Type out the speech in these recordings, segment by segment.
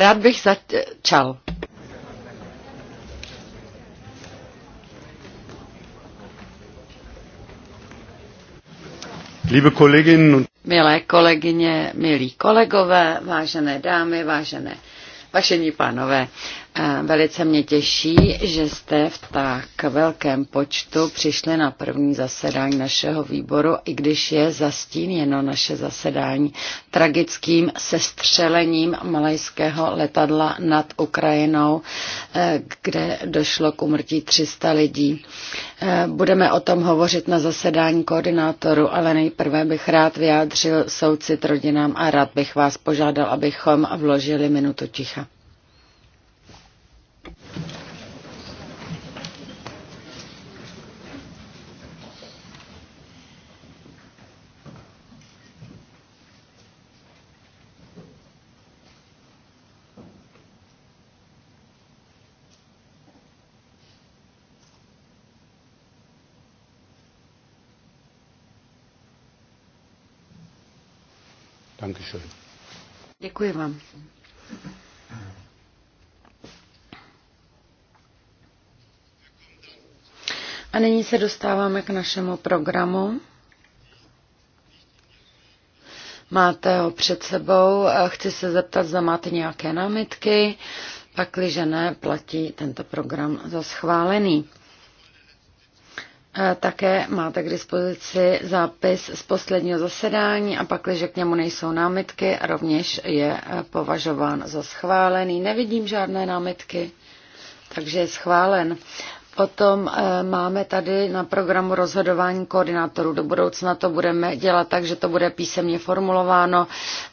Rád bych začal. Liebe Kolleginnen Milé kolegyně, milí kolegové, vážené dámy, vážené vašení pánové, Velice mě těší, že jste v tak velkém počtu přišli na první zasedání našeho výboru, i když je zastíněno naše zasedání tragickým sestřelením malajského letadla nad Ukrajinou, eh, kde došlo k umrtí 300 lidí. Eh, budeme o tom hovořit na zasedání koordinátoru, ale nejprve bych rád vyjádřil soucit rodinám a rád bych vás požádal, abychom vložili minutu ticha. Dankeschön. Děkuji vám. A nyní se dostáváme k našemu programu. Máte ho před sebou. Chci se zeptat, zda máte nějaké námitky. Pakliže ne, platí tento program za schválený. Také máte k dispozici zápis z posledního zasedání a pak, když k němu nejsou námitky, rovněž je eh, považován za schválený. Nevidím žádné námitky, takže je schválen. Potom eh, máme tady na programu rozhodování koordinátorů. Do budoucna to budeme dělat tak, že to bude písemně formulováno.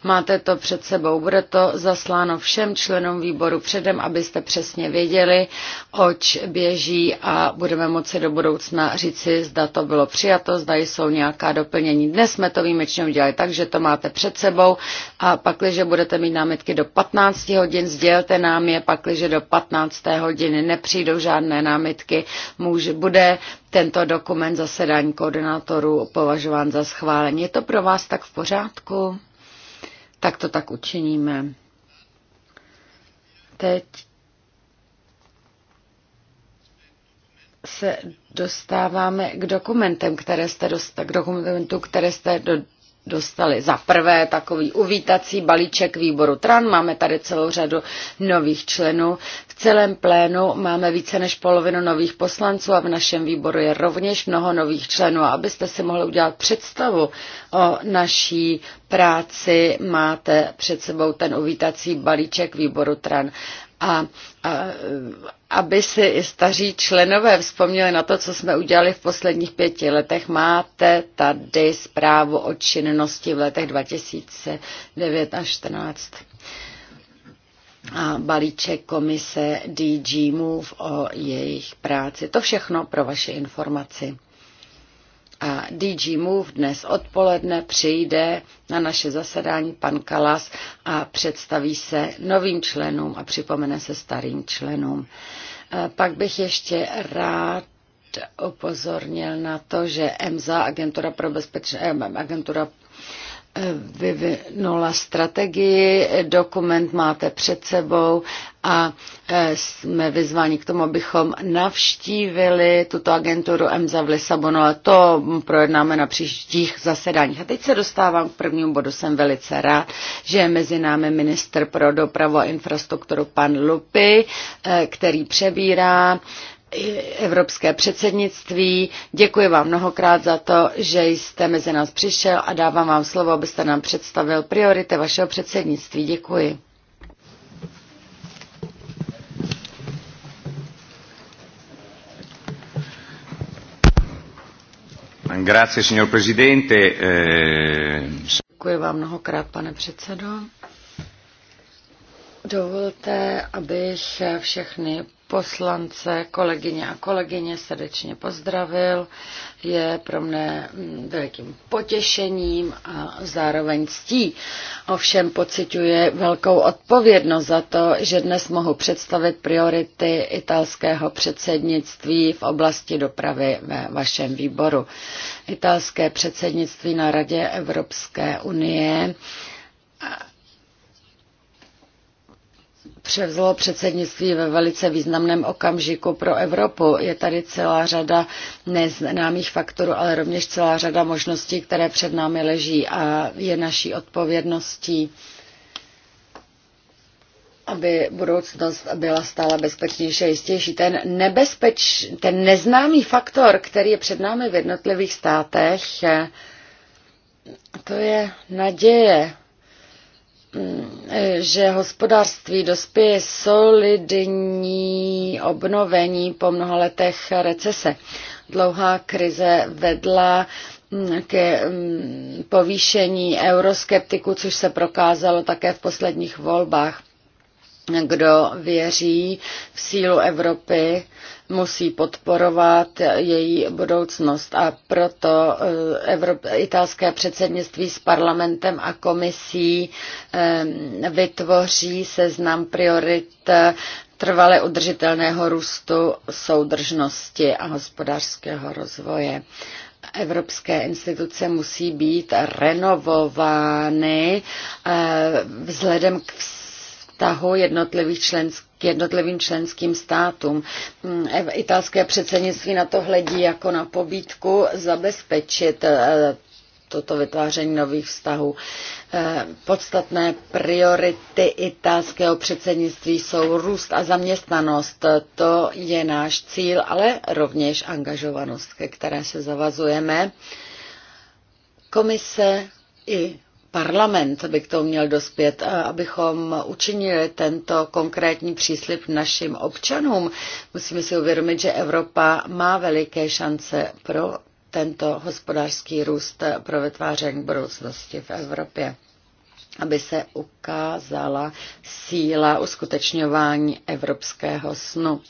Máte to před sebou. Bude to zasláno všem členům výboru předem, abyste přesně věděli, oč běží a budeme moci do budoucna říci, zda to bylo přijato, zda jsou nějaká doplnění. Dnes jsme to výjimečně udělali tak, že to máte před sebou a pakliže budete mít námitky do 15 hodin, sdělte nám je, pakliže do 15. hodiny nepřijdou žádné námitky, výsledky. Může, bude tento dokument zasedání koordinátorů považován za schválení. Je to pro vás tak v pořádku? Tak to tak učiníme. Teď se dostáváme k dokumentem, které jste dostali, k dokumentu, které jste do, dostali za prvé takový uvítací balíček výboru TRAN. Máme tady celou řadu nových členů. V celém plénu máme více než polovinu nových poslanců a v našem výboru je rovněž mnoho nových členů. A abyste si mohli udělat představu o naší práci, máte před sebou ten uvítací balíček výboru TRAN a, a aby si i staří členové vzpomněli na to, co jsme udělali v posledních pěti letech, máte tady zprávu o činnosti v letech 2009 až 2014 a balíček komise DG Move o jejich práci. To všechno pro vaši informaci. A DG Move dnes odpoledne přijde na naše zasedání pan Kalas a představí se novým členům a připomene se starým členům. E, pak bych ještě rád upozornil na to, že EMSA, agentura pro, eh, agentura vyvinula strategii, dokument máte před sebou a e, jsme vyzváni k tomu, abychom navštívili tuto agenturu EMSA v Lisabonu a to projednáme na příštích zasedáních. A teď se dostávám k prvnímu bodu. Jsem velice rád, že je mezi námi minister pro dopravu a infrastrukturu pan Lupy, e, který přebírá evropské předsednictví. Děkuji vám mnohokrát za to, že jste mezi nás přišel a dávám vám slovo, abyste nám představil priority vašeho předsednictví. Děkuji. Grazie, signor Presidente. Děkuji vám mnohokrát, pane předsedo. Dovolte, abych všechny poslance, kolegyně a kolegyně srdečně pozdravil. Je pro mne mm, velkým potěšením a zároveň ctí. Ovšem pociťuje velkou odpovědnost za to, že dnes mohu představit priority italského předsednictví v oblasti dopravy ve vašem výboru. Italské předsednictví na Radě Evropské unie převzalo předsednictví ve velice významném okamžiku pro Evropu. Je tady celá řada neznámých faktorů, ale rovněž celá řada možností, které před námi leží a je naší odpovědností aby budoucnost byla stále bezpečnější a jistější. Ten, nebezpeč, ten neznámý faktor, který je před námi v jednotlivých státech, to je naděje že hospodářství dospěje solidní obnovení po mnoha letech recese. Dlouhá krize vedla mm, ke mm, povýšení euroskeptiku, což se prokázalo také v posledních volbách. Kdo věří v sílu Evropy, musí podporovat její budoucnost. A proto eh, Evrop- italské předsednictví s parlamentem a komisí eh, vytvoří seznam priorit eh, trvale udržitelného růstu, soudržnosti a hospodářského rozvoje evropské instituce musí být renovovány vzhledem k vztahu jednotlivých členských k jednotlivým členským státům. Mm, italské předsednictví na to hledí jako na pobídku zabezpečit e, toto vytváření nových vztahů. E, podstatné priority italského předsednictví jsou růst a zaměstnanost. To je náš cíl, ale rovněž angažovanost, ke které se zavazujeme. Komise i parlament by k tomu měl dospět, eh, abychom učinili tento konkrétní příslip našim občanům. Musíme si uvědomit, že Evropa má veliké šance pro tento hospodářský růst eh, pro vytváření budoucnosti v Evropě aby se ukázala síla uskutečňování evropského snu.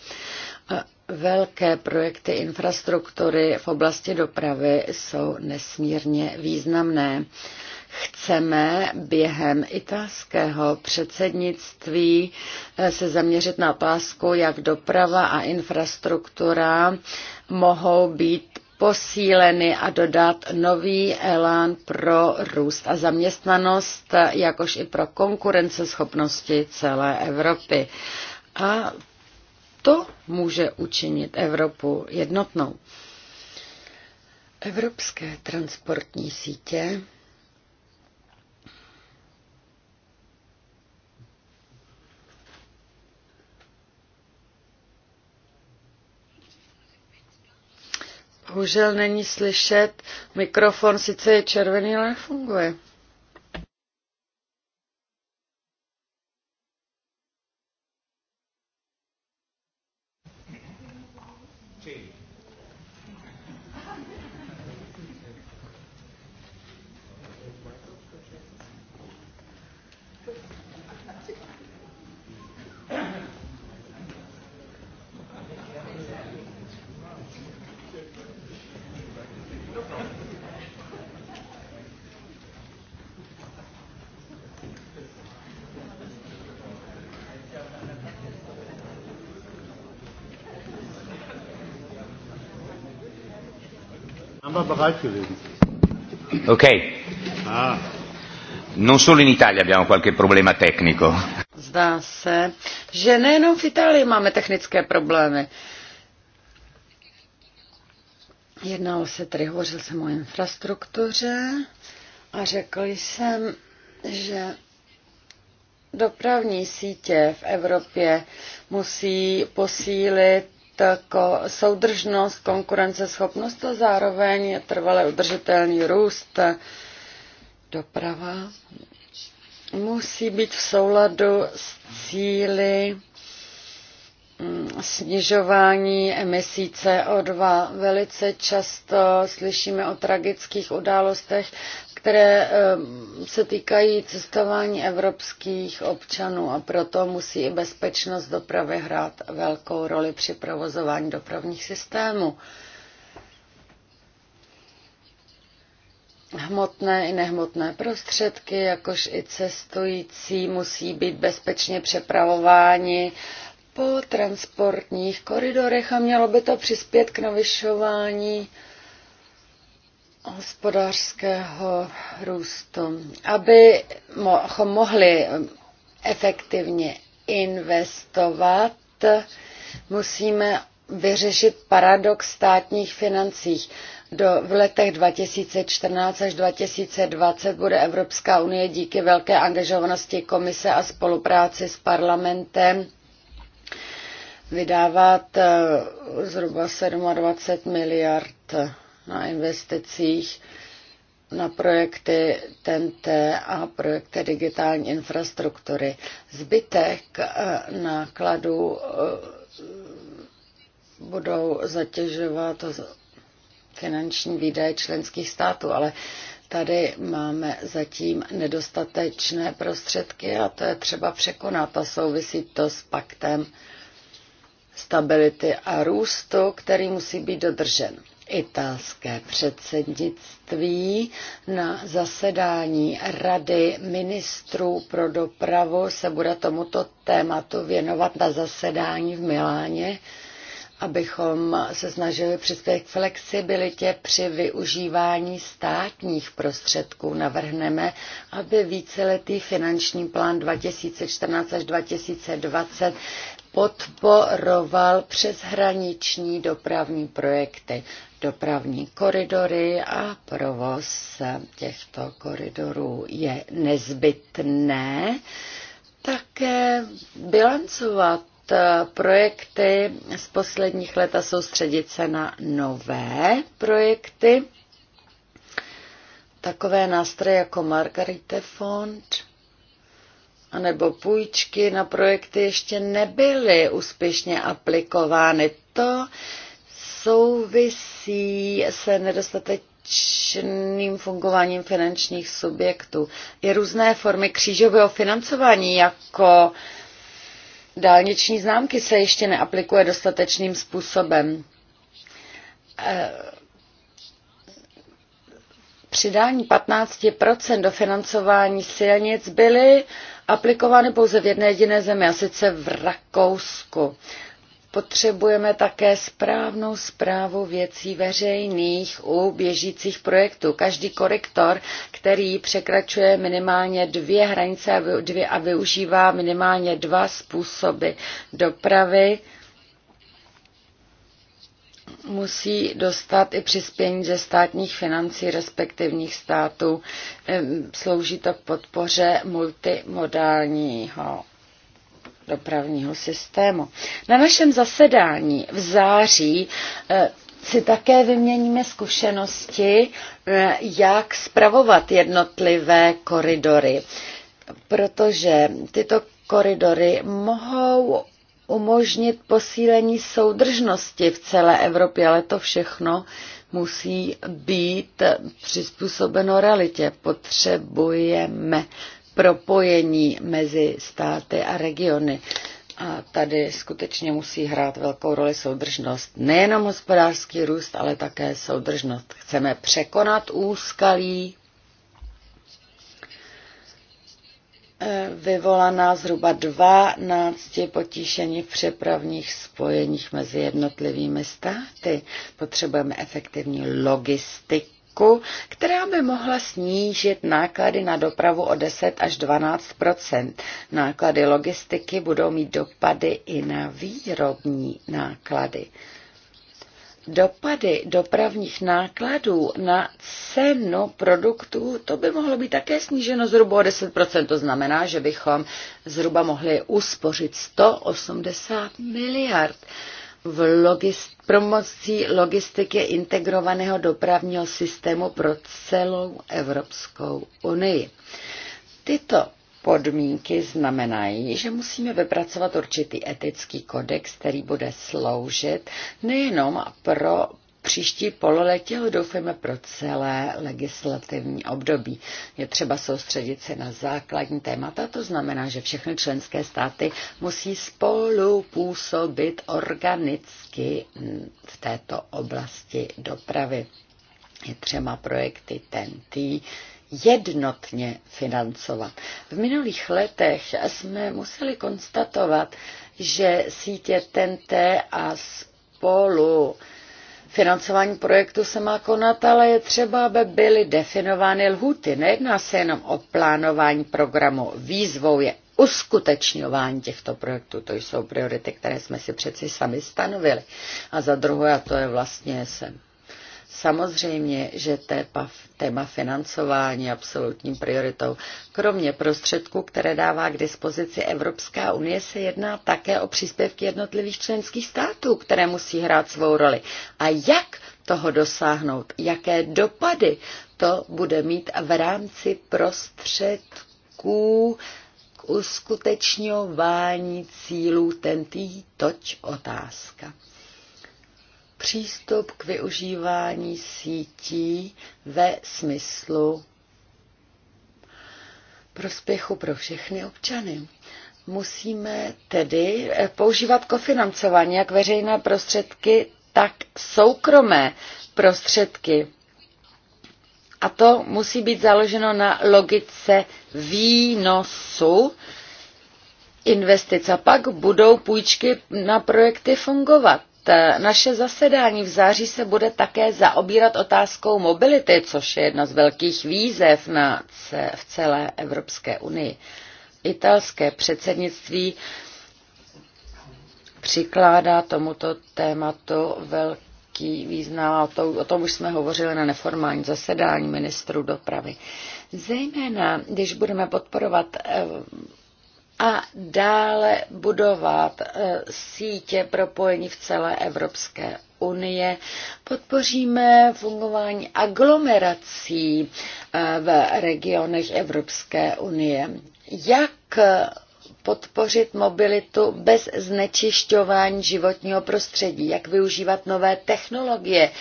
Eh, velké projekty infrastruktury v oblasti dopravy jsou nesmírně významné chceme během italského předsednictví eh, se zaměřit na otázku, jak doprava a infrastruktura mohou být posíleny a dodat nový elán pro růst a zaměstnanost, jakož i pro konkurenceschopnosti celé Evropy. A to může učinit Evropu jednotnou. Evropské transportní sítě Bohužel není slyšet. Mikrofon sice je červený, ale nefunguje. war bereit gewesen. Ah. Non solo in Italia abbiamo qualche problema tecnico. Zdá se, že nejenom v Itálii máme technické problémy. Jednalo se tedy, hovořil jsem o infrastruktuře a řekl jsem, že dopravní sítě v Evropě musí posílit tak soudržnost, konkurenceschopnost a zároveň trvalé udržitelný růst. Doprava musí být v souladu s cíly mm, snižování emisí CO2. Velice často slyšíme o tragických událostech, které eh, se týkají cestování evropských občanů a proto musí i bezpečnost dopravy hrát velkou roli při provozování dopravních systémů. Hmotné i nehmotné prostředky, jakož i cestující, musí být bezpečně přepravováni po transportních koridorech a mělo by to přispět k navyšování hospodářského růstu, abychom mohli efektivně investovat, musíme vyřešit paradox státních financích. Do, v letech 2014 až 2020 bude Evropská unie díky velké angažovanosti komise a spolupráci s parlamentem vydávat eh, zhruba 27 miliard na investicích na projekty TNT a projekty digitální infrastruktury. Zbytek eh, nákladů eh, budou zatěžovat finanční výdaje členských států, ale tady máme zatím nedostatečné prostředky a to je třeba překonat a souvisí to s paktem stability a růstu, který musí být dodržen italské předsednictví. Na zasedání Rady ministrů pro dopravu se bude tomuto tématu věnovat na zasedání v Miláně, abychom se snažili přispět k flexibilitě při využívání státních prostředků. Navrhneme, aby víceletý finanční plán 2014 až 2020 podporoval přeshraniční dopravní projekty, dopravní koridory a provoz těchto koridorů je nezbytné také bilancovat projekty z posledních let a soustředit se na nové projekty. Takové nástroje jako Margarite Fond, anebo půjčky na projekty ještě nebyly úspěšně aplikovány. To souvisí se nedostatečným fungováním finančních subjektů. Je různé formy křížového financování, jako dálniční známky, se ještě neaplikuje dostatečným způsobem přidání 15% do financování silnic byly aplikovány pouze v jedné jediné zemi, a sice v Rakousku. Potřebujeme také správnou zprávu věcí veřejných u běžících projektů. Každý korektor, který překračuje minimálně dvě hranice a využívá minimálně dva způsoby dopravy, musí dostat i přispění ze státních financí respektivních států. Slouží to k podpoře multimodálního dopravního systému. Na našem zasedání v září eh, si také vyměníme zkušenosti, eh, jak spravovat jednotlivé koridory, protože tyto koridory mohou umožnit posílení soudržnosti v celé Evropě, ale to všechno musí být přizpůsobeno realitě. Potřebujeme propojení mezi státy a regiony. A tady skutečně musí hrát velkou roli soudržnost. Nejenom hospodářský růst, ale také soudržnost. Chceme překonat úskalí Eh, vyvolaná zhruba 12 potíšení v přepravních spojeních mezi jednotlivými státy. Potřebujeme efektivní logistiku která by mohla snížit náklady na dopravu o 10 až 12 Náklady logistiky budou mít dopady i na výrobní náklady dopady dopravních nákladů na cenu produktů, to by mohlo být také sníženo zhruba o 10%. To znamená, že bychom zhruba mohli uspořit 180 miliard v logist, promocí logistiky integrovaného dopravního systému pro celou Evropskou unii. Tyto podmínky znamenají, že musíme vypracovat určitý etický kodex, který bude sloužit nejenom pro příští pololetí, ale doufujeme pro celé legislativní období. Je třeba soustředit se na základní témata, to znamená, že všechny členské státy musí spolu působit organicky v této oblasti dopravy. Je třeba projekty TNT jednotně financovat. V minulých letech jsme museli konstatovat, že sítě TNT a spolu Financování projektu se má konat, ale je třeba, aby byly definovány lhuty. Nejedná se jenom o plánování programu. Výzvou je uskutečňování těchto projektů. To jsou priority, které jsme si přeci sami stanovili. A za druhé, a to je vlastně, jsem Samozřejmě, že téma financování je absolutní prioritou. Kromě prostředků, které dává k dispozici Evropská unie, se jedná také o příspěvky jednotlivých členských států, které musí hrát svou roli. A jak toho dosáhnout? Jaké dopady to bude mít v rámci prostředků k uskutečňování cílů? Tentý toč otázka přístup k využívání sítí ve smyslu prospěchu pro všechny občany. Musíme tedy eh, používat kofinancování jak veřejné prostředky, tak soukromé prostředky. A to musí být založeno na logice výnosu Investice A pak budou půjčky na projekty fungovat. E, naše zasedání v září se bude také zaobírat otázkou mobility, což je jedna z velkých výzev na, v celé Evropské unii. Italské předsednictví přikládá tomuto tématu velký význam. O tom už jsme hovořili na neformální zasedání ministrů dopravy. Zejména, když budeme podporovat e, a dále budovat eh, sítě propojení v celé Evropské unie. Podpoříme fungování aglomerací eh, v regionech Evropské unie. Jak podpořit mobilitu bez znečišťování životního prostředí, jak využívat nové technologie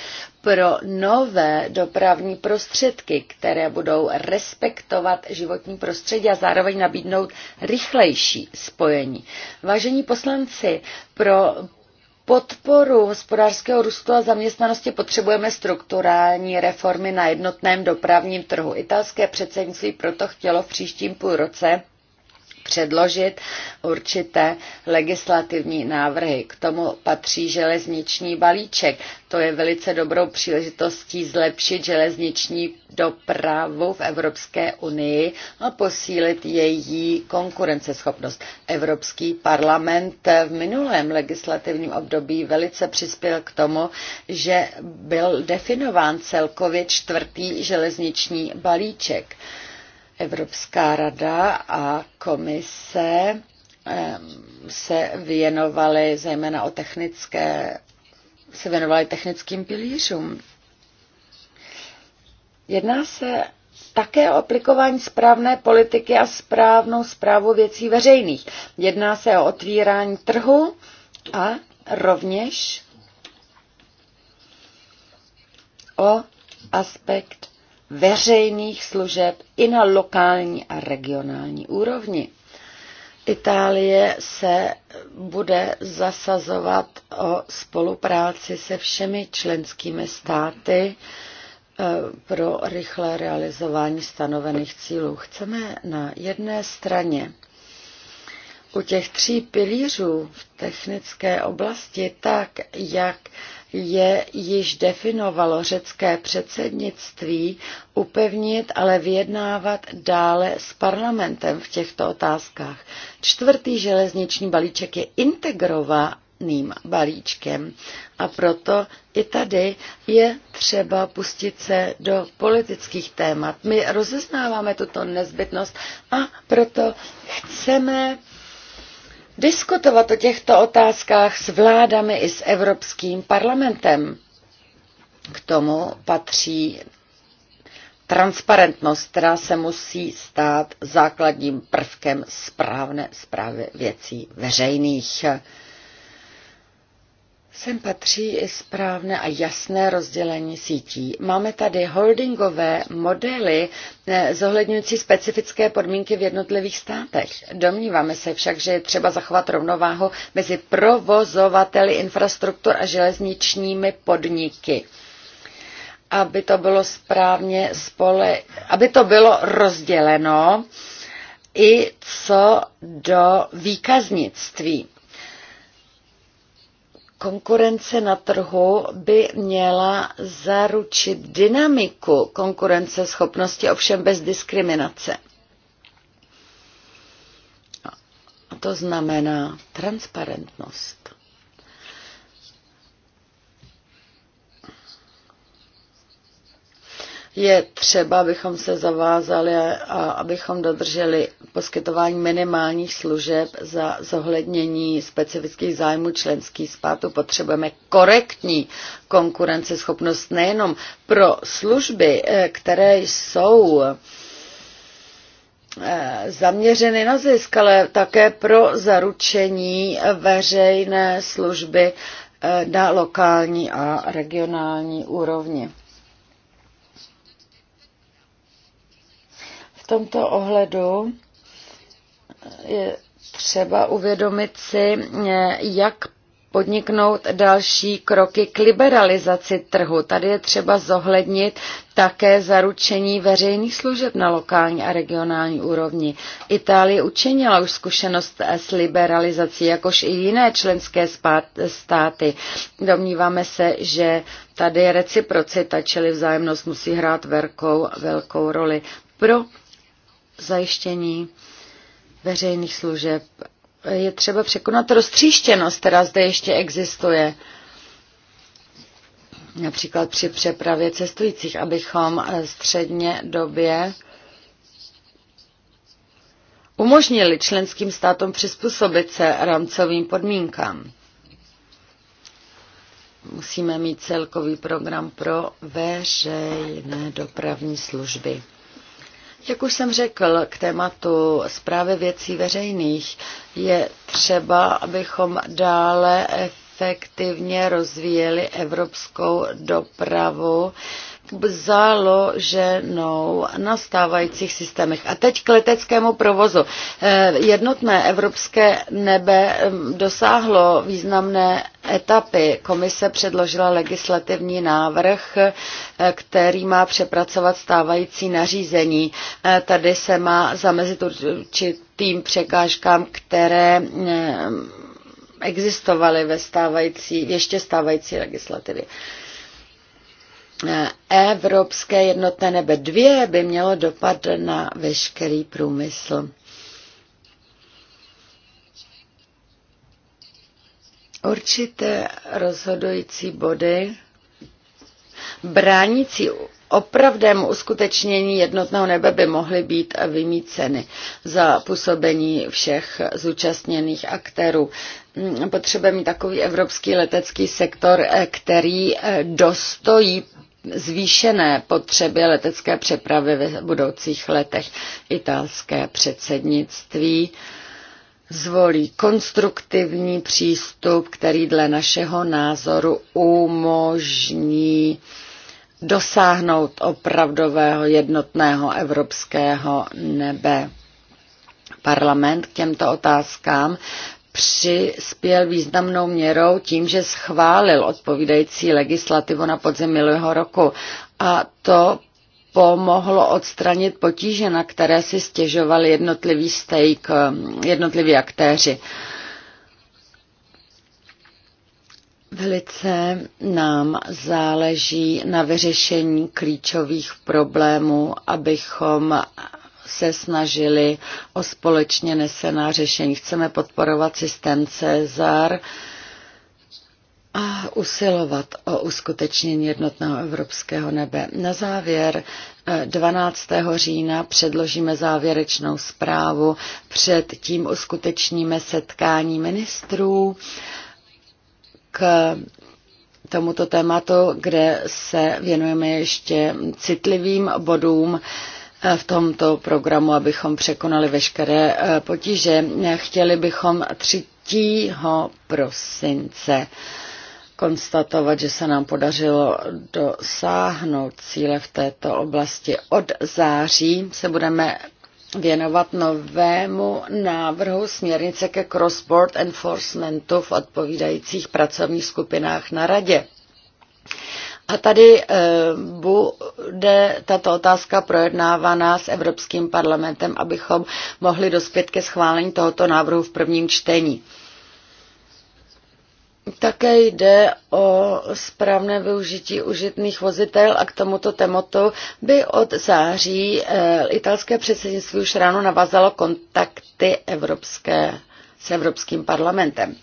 pro nové dopravní prostředky, které budou respektovat životní prostředí a zároveň nabídnout rychlejší spojení. Vážení poslanci, pro podporu hospodářského růstu a zaměstnanosti potřebujeme strukturální reformy na jednotném dopravním trhu. Italské předsednictví proto chtělo v příštím půlroce předložit určité legislativní návrhy. K tomu patří železniční balíček. To je velice dobrou příležitostí zlepšit železniční dopravu v Evropské unii a posílit její konkurenceschopnost. Evropský parlament v minulém legislativním období velice přispěl k tomu, že byl definován celkově čtvrtý železniční balíček. Evropská rada a komise se věnovaly zejména o technické, se věnovaly technickým pilířům. Jedná se také o aplikování správné politiky a správnou zprávu věcí veřejných. Jedná se o otvírání trhu a rovněž o aspekt veřejných služeb i na lokální a regionální úrovni. Itálie se bude zasazovat o spolupráci se všemi členskými státy eh, pro rychlé realizování stanovených cílů. Chceme na jedné straně u těch tří pilířů v technické oblasti, tak jak je již definovalo řecké předsednictví, upevnit, ale vyjednávat dále s parlamentem v těchto otázkách. Čtvrtý železniční balíček je integrovaným balíčkem a proto i tady je třeba pustit se do politických témat. My rozeznáváme tuto nezbytnost a proto chceme diskutovat o těchto otázkách s vládami i s Evropským parlamentem. K tomu patří transparentnost, která se musí stát základním prvkem správné zprávy věcí veřejných. Sem patří i správné a jasné rozdělení sítí. Máme tady holdingové modely eh, zohledňující specifické podmínky v jednotlivých státech. Domníváme se však, že je třeba zachovat rovnováhu mezi provozovateli infrastruktur a železničními podniky aby to bylo správně spole, aby to bylo rozděleno i co do výkaznictví Konkurence na trhu by měla zaručit dynamiku konkurenceschopnosti, ovšem bez diskriminace. A to znamená transparentnost. je třeba, abychom se zavázali a abychom dodrželi poskytování minimálních služeb za zohlednění specifických zájmů členských spátů. Potřebujeme korektní konkurenceschopnost nejenom pro služby, eh, které jsou eh, zaměřeny na zisk, ale také pro zaručení veřejné služby eh, na lokální a regionální úrovni. tomto ohledu je třeba uvědomit si, eh, jak podniknout další kroky k liberalizaci trhu. Tady je třeba zohlednit také zaručení veřejných služeb na lokální a regionální úrovni. Itálie učinila už zkušenost s liberalizací, jakož i jiné členské státy. Domníváme se, že tady reciprocita, čili vzájemnost, musí hrát velkou, velkou roli pro zajištění veřejných služeb. Je třeba překonat roztříštěnost, která zde ještě existuje například při přepravě cestujících, abychom eh, středně době umožnili členským státům přizpůsobit se rámcovým podmínkám. Musíme mít celkový program pro veřejné dopravní služby. Jak už jsem řekl k tématu zprávy věcí veřejných, je třeba, abychom dále efektivně rozvíjeli evropskou dopravu založenou na stávajících systémech. A teď k leteckému provozu. Eh, jednotné evropské nebe hm, dosáhlo významné etapy. Komise předložila legislativní návrh, eh, který má přepracovat stávající nařízení. Eh, tady se má zamezit určitým překážkám, které hm, existovaly ve stávající, ještě stávající legislativě. Eh, Evropské jednotné nebe 2 by mělo dopad na veškerý průmysl. Určité rozhodující body bránící opravdému uskutečnění jednotného nebe by mohly být vymíceny za působení všech zúčastněných aktérů. Potřebujeme takový evropský letecký sektor, eh, který eh, dostojí zvýšené potřeby letecké přepravy v budoucích letech. Italské předsednictví zvolí konstruktivní přístup, který dle našeho názoru umožní dosáhnout opravdového jednotného evropského nebe parlament k těmto otázkám přispěl významnou měrou tím, že schválil odpovídající legislativu na podzim minulého roku. A to pomohlo odstranit potíže, na které si stěžovali jednotliví, stejk, jednotliví aktéři. Velice nám záleží na vyřešení klíčových problémů, abychom se snažili o společně nesená řešení. Chceme podporovat systém Cezar a usilovat o uskutečnění jednotného evropského nebe. Na závěr eh, 12. října předložíme závěrečnou zprávu. Před tím uskutečníme setkání ministrů k tomuto tématu, kde se věnujeme ještě citlivým bodům Eh, v tomto programu, abychom překonali veškeré eh, potíže. Chtěli bychom 3. prosince konstatovat, že se nám podařilo dosáhnout cíle v této oblasti. Od září se budeme věnovat novému návrhu směrnice ke cross-board enforcementu v odpovídajících pracovních skupinách na radě. A tady eh, bude tato otázka projednávána s Evropským parlamentem, abychom mohli dospět ke schválení tohoto návrhu v prvním čtení. Také jde o správné využití užitných vozitel a k tomuto tématu by od září eh, italské předsednictví už ráno navazalo kontakty evropské, s Evropským parlamentem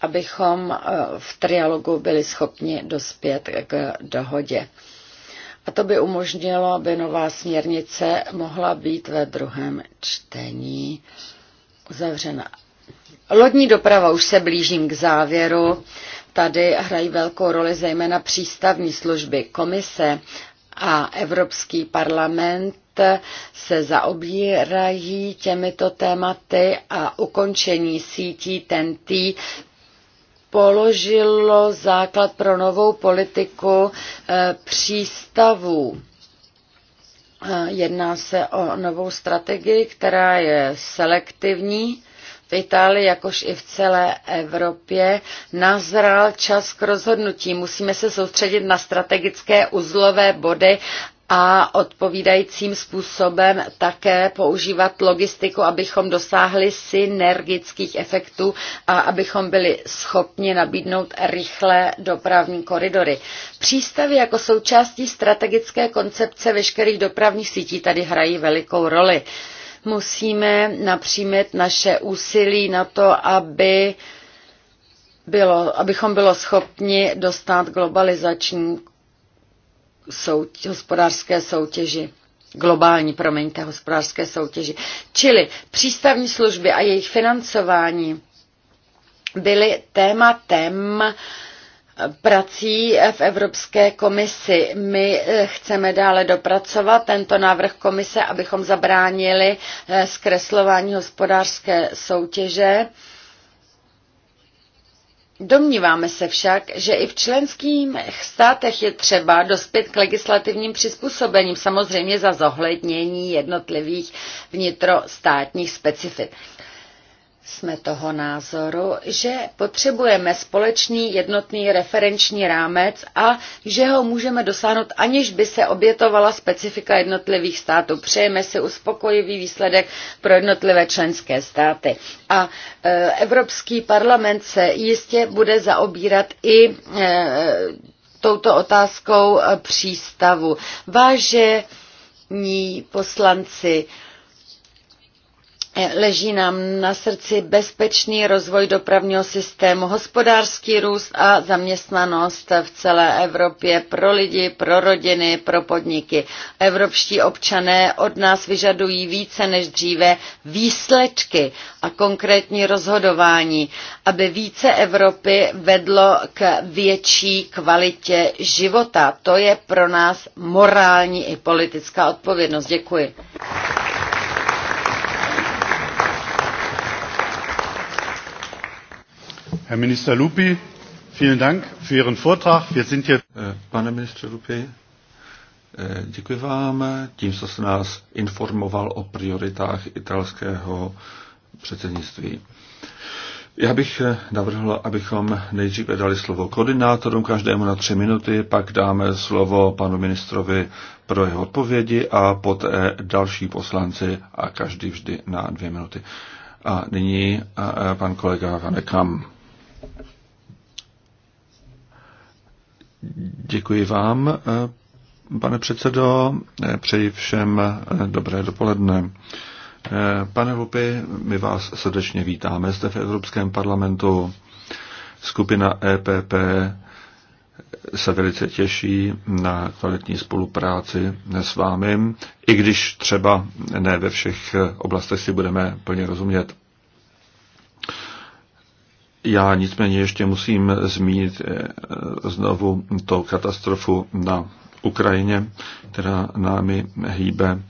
abychom eh, v trialogu byli schopni dospět k dohodě. A to by umožnilo, aby nová směrnice mohla být ve druhém čtení uzavřena. Lodní doprava už se blížím k závěru. Tady hrají velkou roli zejména přístavní služby komise a Evropský parlament se zaobírají těmito tématy a ukončení sítí TNT položilo základ pro novou politiku eh, přístavů. Eh, jedná se o novou strategii, která je selektivní. V Itálii, jakož i v celé Evropě, nazral čas k rozhodnutí. Musíme se soustředit na strategické uzlové body a odpovídajícím způsobem také používat logistiku, abychom dosáhli synergických efektů a abychom byli schopni nabídnout rychlé dopravní koridory. Přístavy jako součástí strategické koncepce veškerých dopravních sítí tady hrají velikou roli. Musíme napřímit naše úsilí na to, aby bylo, abychom bylo schopni dostat globalizační sou hospodářské soutěži globální, promiňte, hospodářské soutěži. Čili přístavní služby a jejich financování byly tématem prací v Evropské komisi. My eh, chceme dále dopracovat tento návrh komise, abychom zabránili eh, zkreslování hospodářské soutěže Domníváme se však, že i v členských státech je třeba dospět k legislativním přizpůsobením, samozřejmě za zohlednění jednotlivých vnitrostátních specifik jsme toho názoru, že potřebujeme společný jednotný referenční rámec a že ho můžeme dosáhnout, aniž by se obětovala specifika jednotlivých států. Přejeme si uspokojivý výsledek pro jednotlivé členské státy. A e, Evropský parlament se jistě bude zaobírat i e, touto otázkou přístavu. Vážení poslanci, e, E, leží nám na srdci bezpečný rozvoj dopravního systému, hospodářský růst a zaměstnanost v celé Evropě pro lidi, pro rodiny, pro podniky. Evropští občané od nás vyžadují více než dříve výsledky a konkrétní rozhodování, aby více Evropy vedlo k větší kvalitě života. To je pro nás morální i politická odpovědnost. Děkuji. Herr Minister Lupi, vielen Dank für Ihren Vortrag. Wir sind eh, Pane ministře Lupi, eh, děkuji vám. Tím, co jste nás informoval o prioritách italského předsednictví. Já bych eh, navrhl, abychom nejdříve dali slovo koordinátorům, každému na tři minuty, pak dáme slovo panu ministrovi pro jeho odpovědi a poté další poslanci a každý vždy na dvě minuty. A nyní pan kolega Vanekam. Děkuji vám, pane předsedo. Přeji všem dobré dopoledne. Pane Lupy, my vás srdečně vítáme zde v Evropském parlamentu. Skupina EPP se velice těší na kvalitní spolupráci s vámi, i když třeba ne ve všech oblastech si budeme plně rozumět. Já nicméně ještě musím zmínit eh, znovu to katastrofu na Ukrajině, která námi hýbe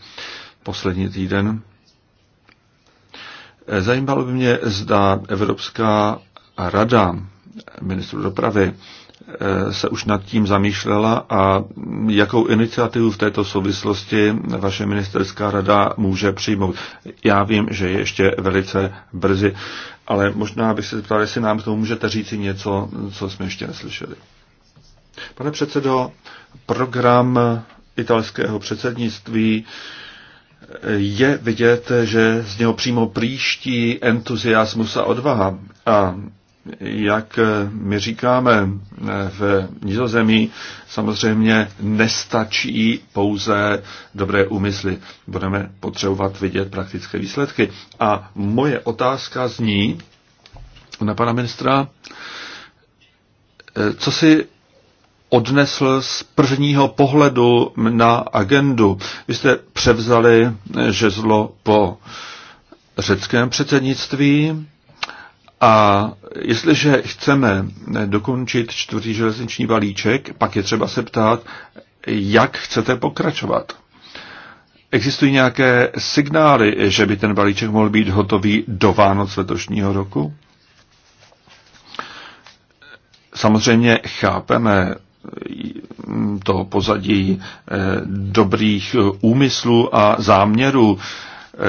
poslední týden. Eh, zajímalo by mě, zda Evropská rada ministru dopravy eh, se už nad tím zamýšlela a jakou iniciativu v této souvislosti vaše ministerská rada může přijmout. Já vím, že je ještě velice brzy ale možná bych se zeptal, jestli nám k tomu můžete říci něco, co jsme ještě neslyšeli. Pane předsedo, program italského předsednictví eh, je vidět, že z něho přímo příští entuziasmus a odvaha. A jak eh, my říkáme eh, v Nizozemí, samozřejmě nestačí pouze dobré úmysly. Budeme potřebovat vidět praktické výsledky. A moje otázka zní na pana ministra, eh, co si odnesl z prvního pohledu na agendu. Vy jste převzali žezlo po řeckém předsednictví, a jestliže chceme dokončit čtvrtý železniční balíček, pak je třeba se ptát, jak chcete pokračovat. Existují nějaké signály, že by ten balíček mohl být hotový do Vánoc letošního roku? Samozřejmě chápeme to pozadí eh, dobrých eh, úmyslů a záměrů,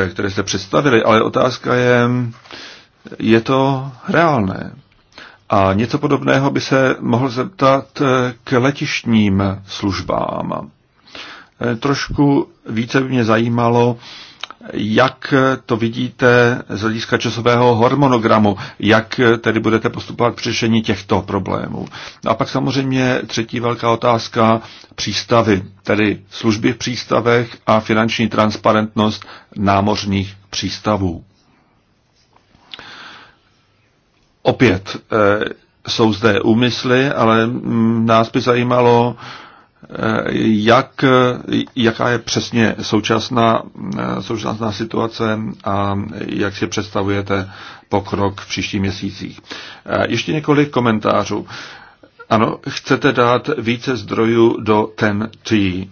eh, které jste představili, ale otázka je, je to reálné. A něco podobného by se mohl zeptat eh, k letištním službám. Eh, trošku více by mě zajímalo, jak eh, to vidíte z hlediska časového hormonogramu, jak tedy budete postupovat při řešení těchto problémů. A pak samozřejmě třetí velká otázka přístavy, tedy služby v přístavech a finanční transparentnost námořních přístavů. Opět eh, jsou zde úmysly, ale mm, nás by zajímalo, eh, jak, jaká je přesně současná, eh, současná situace a jak si představujete pokrok v příštích měsících. Ještě několik komentářů. Ano, chcete dát více zdrojů do ten tý,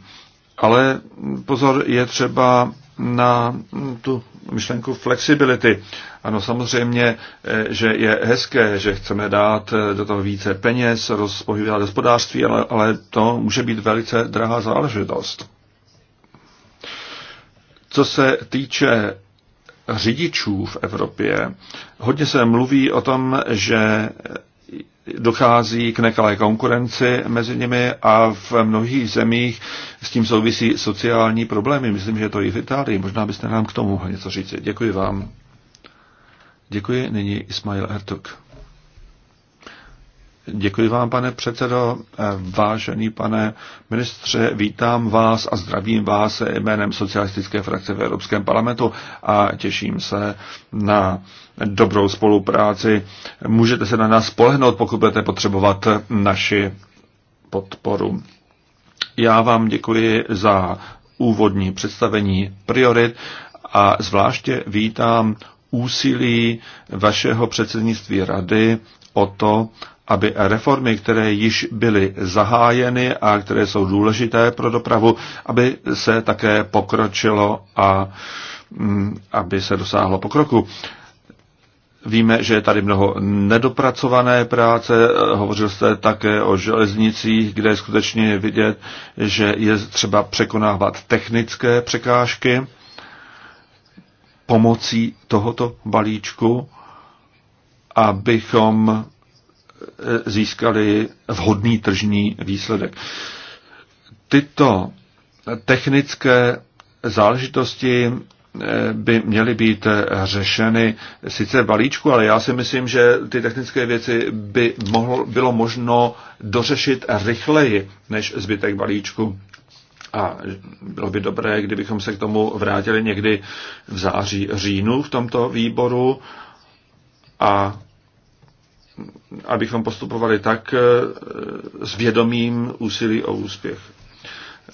ale mm, pozor, je třeba na tu myšlenku flexibility. Ano, samozřejmě, eh, že je hezké, že chceme dát eh, do toho více peněz, rozpohybovat hospodářství, ale, ale to může být velice drahá záležitost. Co se týče řidičů v Evropě, hodně se mluví o tom, že dochází k nekalé konkurenci mezi nimi a v mnohých zemích s tím souvisí sociální problémy. Myslím, že to i v Itálii. Možná byste nám k tomu mohli něco říct. Děkuji vám. Děkuji. Nyní Ismail Ertuk. Děkuji vám, pane předsedo. Vážený pane ministře, vítám vás a zdravím vás jménem socialistické frakce v Evropském parlamentu a těším se na dobrou spolupráci. Můžete se na nás spolehnout, pokud budete potřebovat naši podporu. Já vám děkuji za úvodní představení priorit a zvláště vítám úsilí vašeho předsednictví rady o to, aby reformy, které již byly zahájeny a které jsou důležité pro dopravu, aby se také pokročilo a mm, aby se dosáhlo pokroku. Víme, že je tady mnoho nedopracované práce, hovořil jste také o železnicích, kde je skutečně vidět, že je třeba překonávat technické překážky pomocí tohoto balíčku, abychom Eh, získali vhodný tržní výsledek. Tyto technické záležitosti eh, by měly být eh, řešeny sice v balíčku, ale já si myslím, že ty technické věci by mohlo, bylo možno dořešit rychleji než zbytek balíčku. A bylo by dobré, kdybychom se k tomu vrátili někdy v září, říjnu v tomto výboru a abychom postupovali tak eh, s vědomím úsilí o úspěch.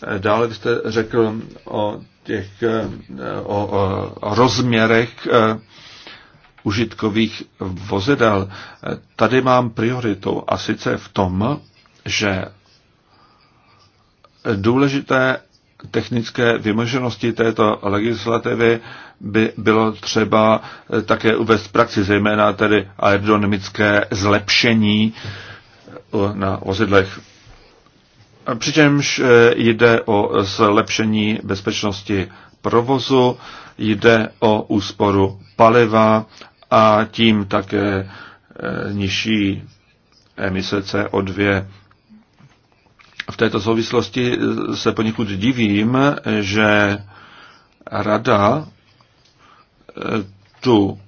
Eh, dále jste řekl o těch eh, o, o rozměrech užitkových vozidel. Tady mám prioritu a sice v tom, že důležité technické vymoženosti této legislativy by bylo třeba eh, také uvést v praxi, zejména tedy aerodynamické zlepšení eh, na vozidlech. Přičemž eh, jde o zlepšení bezpečnosti provozu, jde o úsporu paliva a tím také nižší emise CO2 v této souvislosti eh, se poněkud divím, že rada eh, tu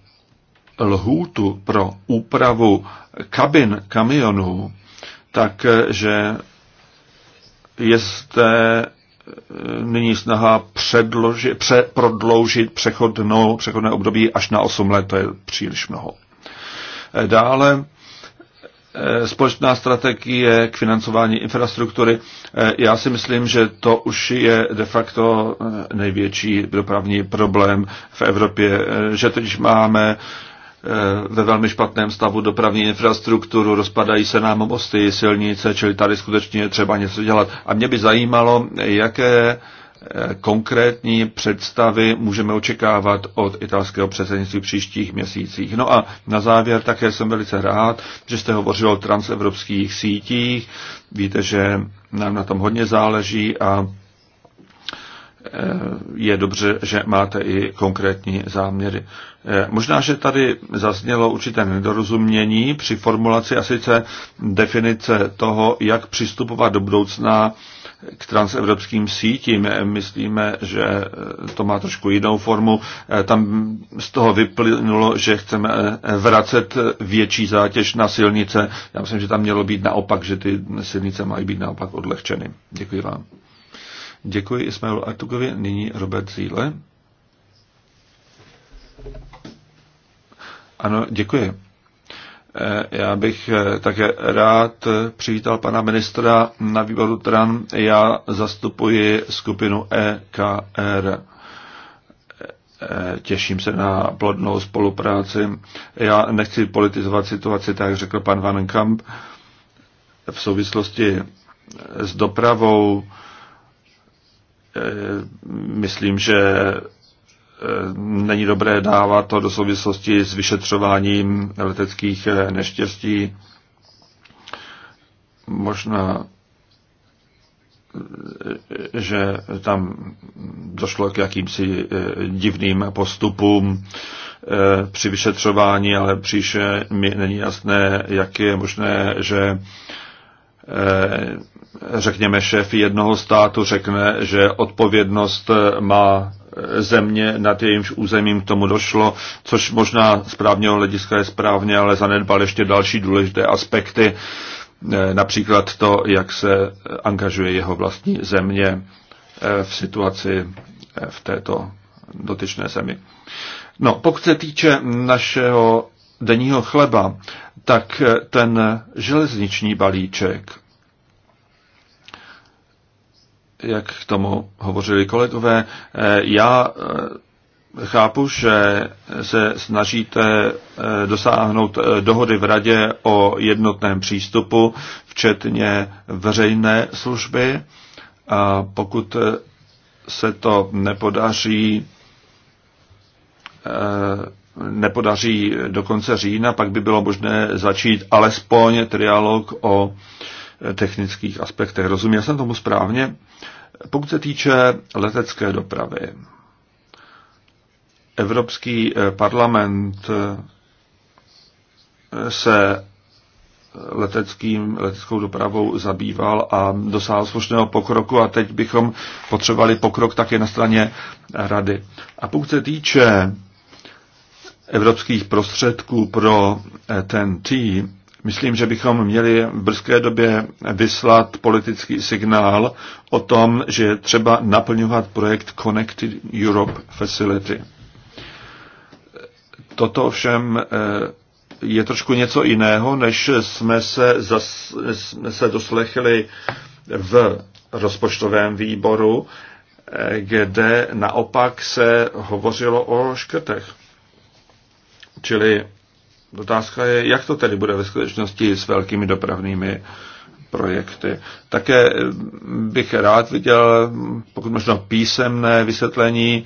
lhůtu pro úpravu kabin kamionů, takže eh, je zde nyní snaha předloži, pře, prodloužit přechodnou, přechodné období až na 8 let, to je příliš mnoho. Dále Eh, společná strategie k financování infrastruktury. Eh, já si myslím, že to už je de facto eh, největší dopravní problém v Evropě, že teď máme ve velmi špatném stavu dopravní infrastrukturu, rozpadají se nám mosty, silnice, čili tady skutečně je třeba něco dělat. A mě by zajímalo, jaké Eh, konkrétní představy můžeme očekávat od italského předsednictví v příštích měsících. No a na závěr také jsem velice rád, že jste hovořil o transevropských sítích. Víte, že nám na tom hodně záleží a eh, je dobře, že máte i konkrétní záměry. Eh, možná, že tady zaznělo určité nedorozumění při formulaci a sice definice toho, jak přistupovat do budoucna k transevropským sítím. Myslíme, že to má trošku jinou formu. Tam z toho vyplynulo, že chceme vracet větší zátěž na silnice. Já myslím, že tam mělo být naopak, že ty silnice mají být naopak odlehčeny. Děkuji vám. Děkuji Ismailu Artukovi. Nyní Robert Zíle. Ano, děkuji. Eh, já bych eh, také rád eh, přivítal pana ministra na výboru TRAN. Já zastupuji skupinu EKR. Těším se na plodnou spolupráci. Já nechci politizovat situaci, tak řekl pan Van Kamp, v souvislosti s dopravou. Myslím, že Eh, není dobré dávat to do souvislosti s vyšetřováním leteckých eh, neštěstí. Možná, eh, že tam došlo k jakýmsi divným postupům při vyšetřování, ale příště mi není jasné, jak je možné, že řekněme šéf jednoho státu řekne, že odpovědnost má země, nad jejímž územím k tomu došlo, což možná z právního hlediska je správně, ale zanedbal ještě další důležité aspekty, e, například to, jak se angažuje jeho vlastní země e, v situaci e, v této dotyčné zemi. No, pokud se týče našeho denního chleba, tak ten železniční balíček jak k tomu hovořili kolegové, eh, já eh, chápu, že se snažíte eh, dosáhnout dohody v radě o jednotném přístupu, včetně veřejné služby. A pokud se to nepodaří, nepodaří do konce října, pak by bylo možné začít alespoň trialog o technických aspektech. Rozuměl jsem tomu správně? Pokud se týče letecké dopravy, Evropský eh, parlament eh, se leteckým, leteckou dopravou zabýval a dosáhl slušného pokroku a teď bychom potřebovali pokrok také na straně rady. A pokud se týče evropských prostředků pro eh, ten tým. Myslím, že bychom měli v brzké době vyslat politický signál o tom, že je třeba naplňovat projekt Connected Europe Facility. Toto ovšem eh, je trošku něco jiného, než jsme se, zas, jsme se doslechli v rozpočtovém výboru, eh, kde naopak se hovořilo o škrtech. Čili Otázka je, jak to tedy bude ve skutečnosti s velkými dopravními projekty. Také eh, bych rád viděl, pokud možno písemné vysvětlení,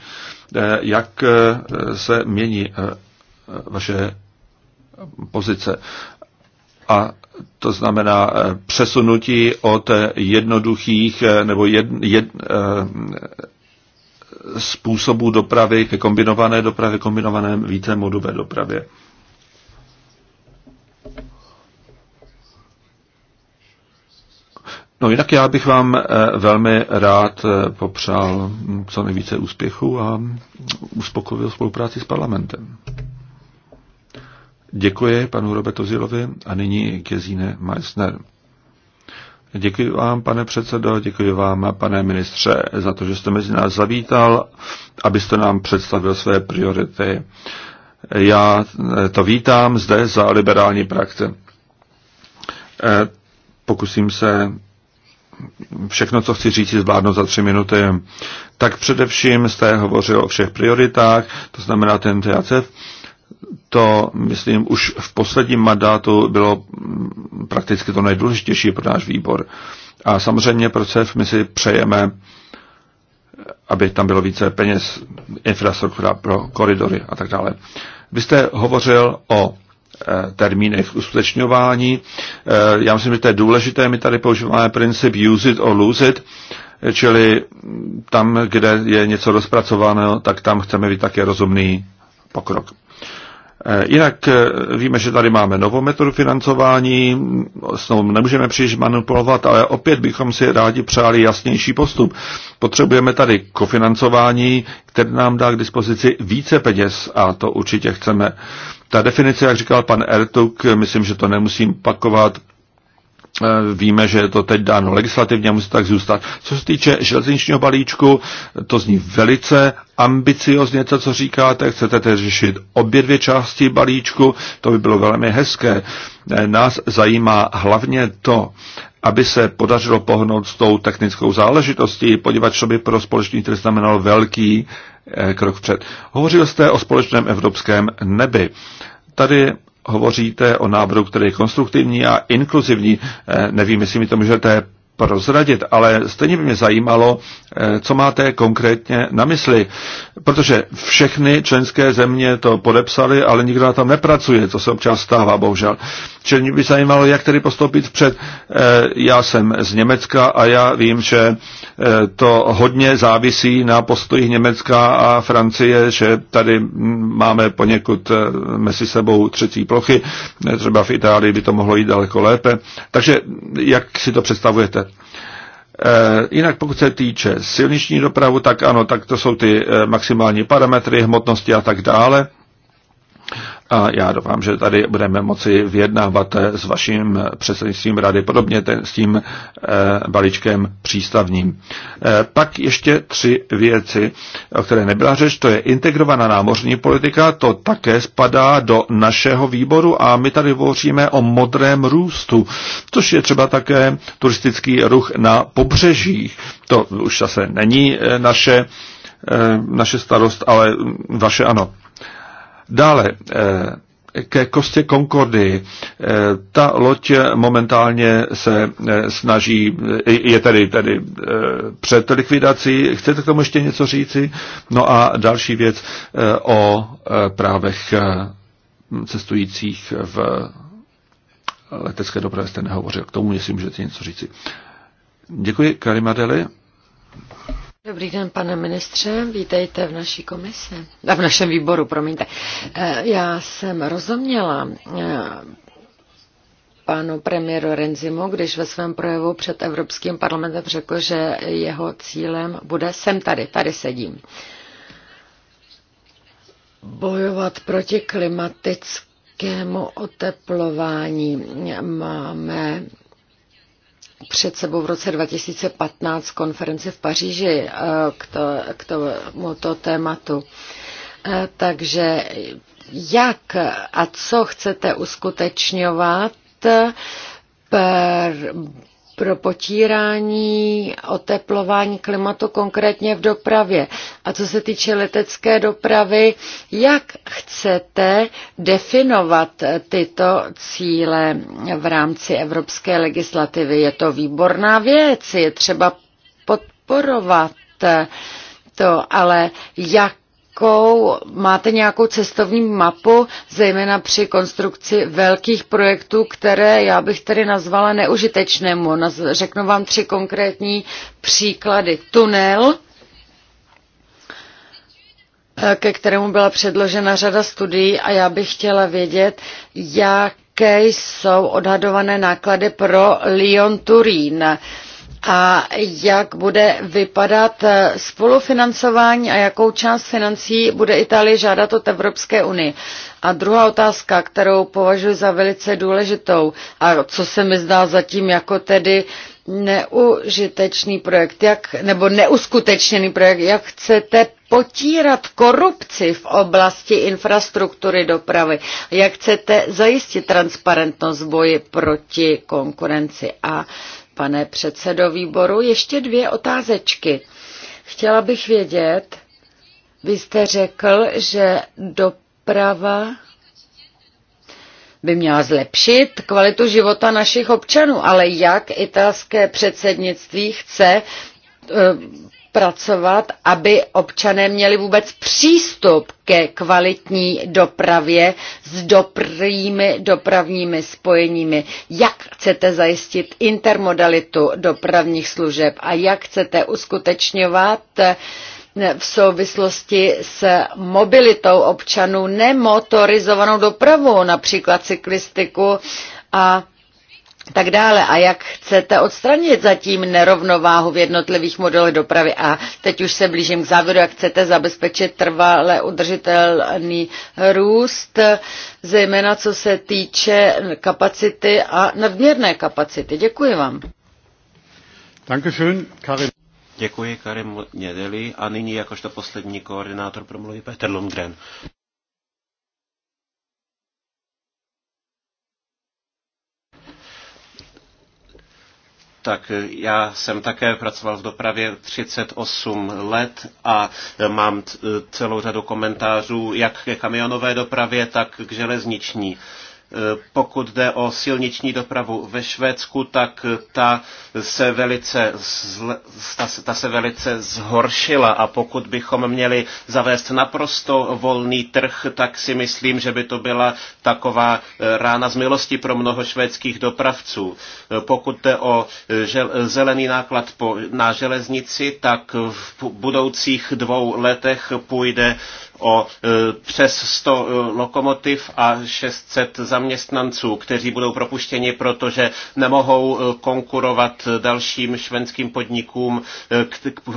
eh, jak eh, se mění vaše pozice. A to znamená přesunutí od jednoduchých nebo jed, jed, způsobů dopravy ke kombinované dopravě, kombinovaném více modové dopravě. No jinak já bych vám eh, velmi rád eh, popřál hm, co nejvíce úspěchu a uspokojil spolupráci s parlamentem. Děkuji panu Roberto Zilovi a nyní Kezíne Meissner. Děkuji vám, pane předsedo, děkuji vám, pane ministře, za to, že jste mezi nás zavítal, abyste nám představil své priority. Já eh, to vítám zde za liberální praxe. Pokusím se všechno, co chci říct, zvládnout za tři minuty. Tak především jste hovořil o všech prioritách, to znamená ten TACF. E to, myslím, už v posledním mandátu bylo prakticky to nejdůležitější pro náš výbor. A samozřejmě pro CEF my si přejeme, aby tam bylo více peněz, infrastruktura pro koridory a tak dále. Vy jste hovořil o Eh, termínech uskutečňování. Eh, já myslím, že to je důležité, my tady používáme princip use it or lose it, čili tam, kde je něco rozpracováno, tak tam chceme být také rozumný pokrok. Eh, jinak eh, víme, že tady máme novou metodu financování, s tou nemůžeme příliš manipulovat, ale opět bychom si rádi přáli jasnější postup. Potřebujeme tady kofinancování, které nám dá k dispozici více peněz a to určitě chceme. Ta definice, jak říkal pan Ertuk, myslím, že to nemusím pakovat, Eh, víme, že je to teď dáno legislativně a musí tak zůstat. Co se týče železničního balíčku, to zní velice ambiciozně to, co říkáte. Chcete tedy řešit obě dvě části balíčku, to by bylo velmi hezké. Eh, nás zajímá hlavně to, aby se podařilo pohnout s tou technickou záležitostí, podívat, co by pro společný trh znamenal velký eh, krok před. Hovořil jste o společném evropském nebi. Tady hovoříte o návrhu, který je konstruktivní a inkluzivní. Eh, nevím, jestli mi to můžete prozradit, ale stejně by mě zajímalo, eh, co máte konkrétně na mysli, protože všechny členské země to podepsali, ale nikdo na tom nepracuje, co se občas stává, bohužel. Čili mě by zajímalo, jak tedy postoupit před. Eh, já jsem z Německa a já vím, že eh, to hodně závisí na postojích Německa a Francie, že tady mm, máme poněkud mezi sebou třetí plochy, třeba v Itálii by to mohlo jít daleko lépe. Takže jak si to představujete? Eh, jinak pokud se týče silniční dopravu, tak ano, tak to jsou ty eh, maximální parametry, hmotnosti a tak dále. A já doufám, že tady budeme moci vyjednávat eh, s vaším předsednictvím rady, podobně ten, s tím eh, balíčkem přístavním. Eh, pak ještě tři věci, o které nebyla řeč, to je integrovaná námořní politika, to také spadá do našeho výboru a my tady hovoříme o modrém růstu, což je třeba také turistický ruch na pobřežích. To už zase není naše, naše starost, ale mm, vaše ano. Dále, eh, ke kostě Concordy. Eh, ta loď momentálně se eh, snaží, je tedy tedy před likvidací. Chcete k tomu ještě něco říci? No a další věc o právech cestujících v letecké dopravě jste nehovořil. K tomu, jestli můžete něco říci. Děkuji, Karimadeli. Dobrý den, pane ministře, vítejte v naší komise, v našem výboru, promiňte. Eh, já jsem rozuměla eh, panu premiéru Renzimu, když ve svém projevu před Evropským parlamentem řekl, že jeho cílem bude, jsem tady, tady sedím, bojovat proti klimatickému oteplování. Máme před sebou v roce 2015 konferenci v Paříži eh, k, to, k tomuto tématu. Eh, takže jak a co chcete uskutečňovat pro potírání oteplování klimatu, konkrétně v dopravě. A co se týče letecké dopravy, jak chcete definovat tyto cíle v rámci evropské legislativy? Je to výborná věc, je třeba podporovat to, ale jak nějakou, máte nějakou cestovní mapu, zejména při konstrukci velkých projektů, které já bych tedy nazvala neužitečnému. Řeknu vám tři konkrétní příklady. Tunel, eh, ke kterému byla předložena řada studií a já bych chtěla vědět, jaké jsou odhadované náklady pro Lyon Turín a jak bude vypadat eh, spolufinancování a jakou část financí bude Itálie žádat od Evropské unie. A druhá otázka, kterou považuji za velice důležitou a co se mi zdá zatím jako tedy neužitečný projekt, jak, nebo neuskutečněný projekt, jak chcete potírat korupci v oblasti infrastruktury dopravy, jak chcete zajistit transparentnost boji proti konkurenci a Pane předsedo výboru, ještě dvě otázečky. Chtěla bych vědět, vy jste řekl, že doprava by měla zlepšit kvalitu života našich občanů, ale jak italské předsednictví chce eh, pracovat, aby občané měli vůbec přístup ke kvalitní dopravě s dobrými dopravními spojeními. Jak chcete zajistit intermodalitu dopravních služeb a jak chcete uskutečňovat eh, v souvislosti s mobilitou občanů nemotorizovanou dopravou, například cyklistiku a tak dále. A jak chcete odstranit zatím nerovnováhu v jednotlivých modelech dopravy? A teď už se blížím k závěru, jak chcete zabezpečit trvalé udržitelný růst, zejména co se týče kapacity a nadměrné kapacity. Děkuji vám. Karim. Děkuji Karim Nědeli a nyní jakožto poslední koordinátor promluví Petr Lundgren. Tak eh, já jsem také pracoval v dopravě 38 let a eh, mám eh, celou řadu komentářů jak ke kamionové dopravě, tak k železniční pokud jde o silniční dopravu ve Švédsku, tak ta se velice, ta, ta se velice zhoršila a pokud bychom měli zavést naprosto volný trh, tak si myslím, že by to byla taková eh, rána z milosti pro mnoho švédských dopravců. Eh, pokud jde o eh, zelený náklad po, na železnici, tak v budoucích dvou letech půjde o e, přes 100 e, lokomotiv a 600 zaměstnanců, kteří budou propuštěni, protože nemohou e, konkurovat dalším švenským podnikům,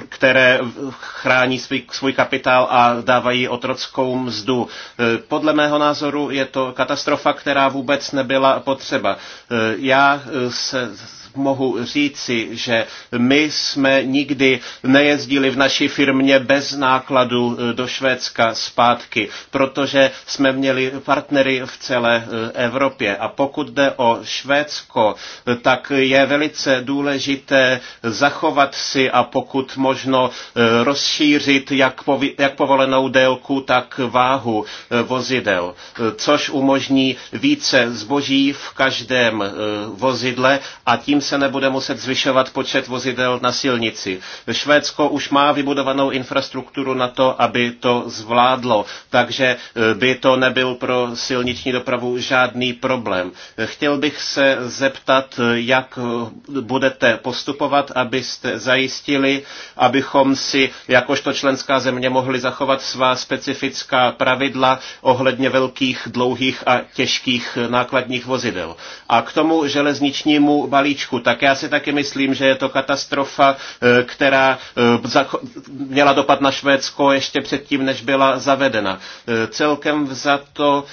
které chrání svůj, svůj kapitál a dávají otrockou mzdu. Podle mého názoru je to katastrofa, která vůbec nebyla potřeba. Já se mohu říci, že my jsme nikdy nejezdili v naší firmě bez nákladu eh, do Švédska zpátky, protože jsme měli partnery v celé eh, Evropě. A pokud jde o Švédsko, eh, tak je velice důležité zachovat si a pokud možno rozšířit jak, jak povolenou délku, tak váhu vozidel, což umožní více zboží v každém vozidle a tím se nebude muset zvyšovat počet vozidel na silnici. Švédsko už má vybudovanou infrastrukturu na to, aby to zvládlo, takže eh, by to nebyl pro silniční dopravu žádný problém. Chtěl bych se zeptat, eh, jak eh, budete postupovat, abyste zajistili, abychom si jakožto členská země mohli zachovat svá specifická pravidla ohledně velkých, dlouhých a těžkých nákladních vozidel. A k tomu železničnímu balíčku Řecku, tak já si taky myslím, že je to katastrofa, eh, která eh, měla dopad na Švédsko ještě předtím, než byla zavedena. Eh, celkem za to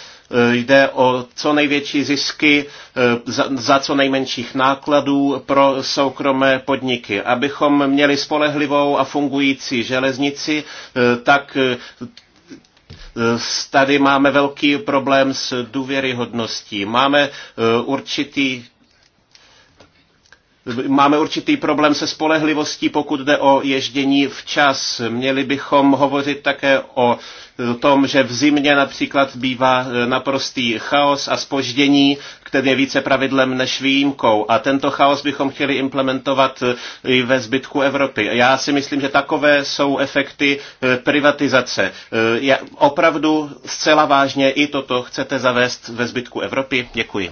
jde o co největší zisky za, za co nejmenších nákladů pro soukromé podniky. Abychom měli spolehlivou a fungující železnici, tak tady máme velký problém s důvěryhodností. Máme určitý Máme určitý problém se spolehlivostí, pokud jde o ježdění včas. Měli bychom hovořit také o tom, že v zimě například bývá naprostý chaos a spoždění, které je více pravidlem než výjimkou. A tento chaos bychom chtěli implementovat i ve zbytku Evropy. Já si myslím, že takové jsou efekty eh, privatizace. Eh, Já opravdu zcela vážně i toto chcete zavést ve zbytku Evropy? Děkuji.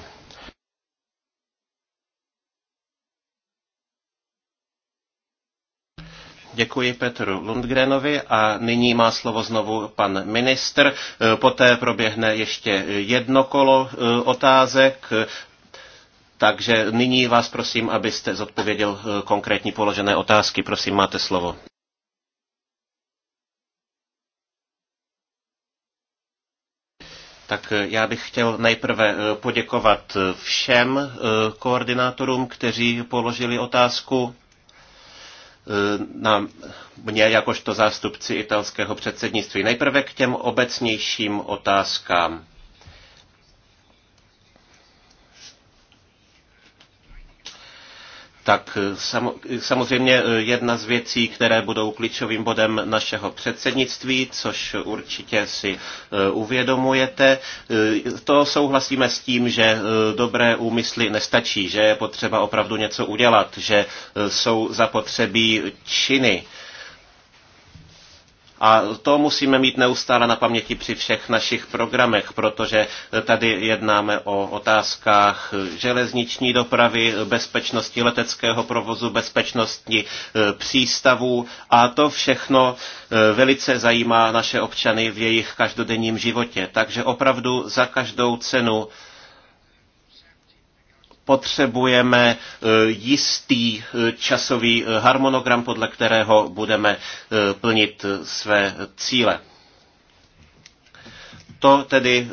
Děkuji Petru Lundgrenovi a nyní má slovo znovu pan ministr. Eh, poté proběhne ještě jedno kolo eh, otázek. Takže nyní vás prosím, abyste zodpověděl eh, konkrétní položené otázky. Prosím, máte slovo. Tak já bych chtěl nejprve poděkovat všem koordinátorům, kteří položili otázku. Eh, na mě jakožto zástupci italského předsednictví. Nejprve k těm obecnějším otázkám. tak samozřejmě eh, jedna z věcí, které budou klíčovým bodem našeho předsednictví, což určitě si eh, uvědomujete, eh, to souhlasíme s tím, že dobré úmysly nestačí, že je potřeba opravdu něco udělat, že jsou zapotřebí činy a to musíme mít neustále na paměti při všech našich programech, protože tady jednáme o otázkách železniční dopravy, bezpečnosti leteckého provozu, bezpečnosti e, přístavů a to všechno e, velice zajímá naše občany v jejich každodenním životě. Takže opravdu za každou cenu potřebujeme e, jistý e, časový e, harmonogram, podle kterého budeme plnit své cíle. To tedy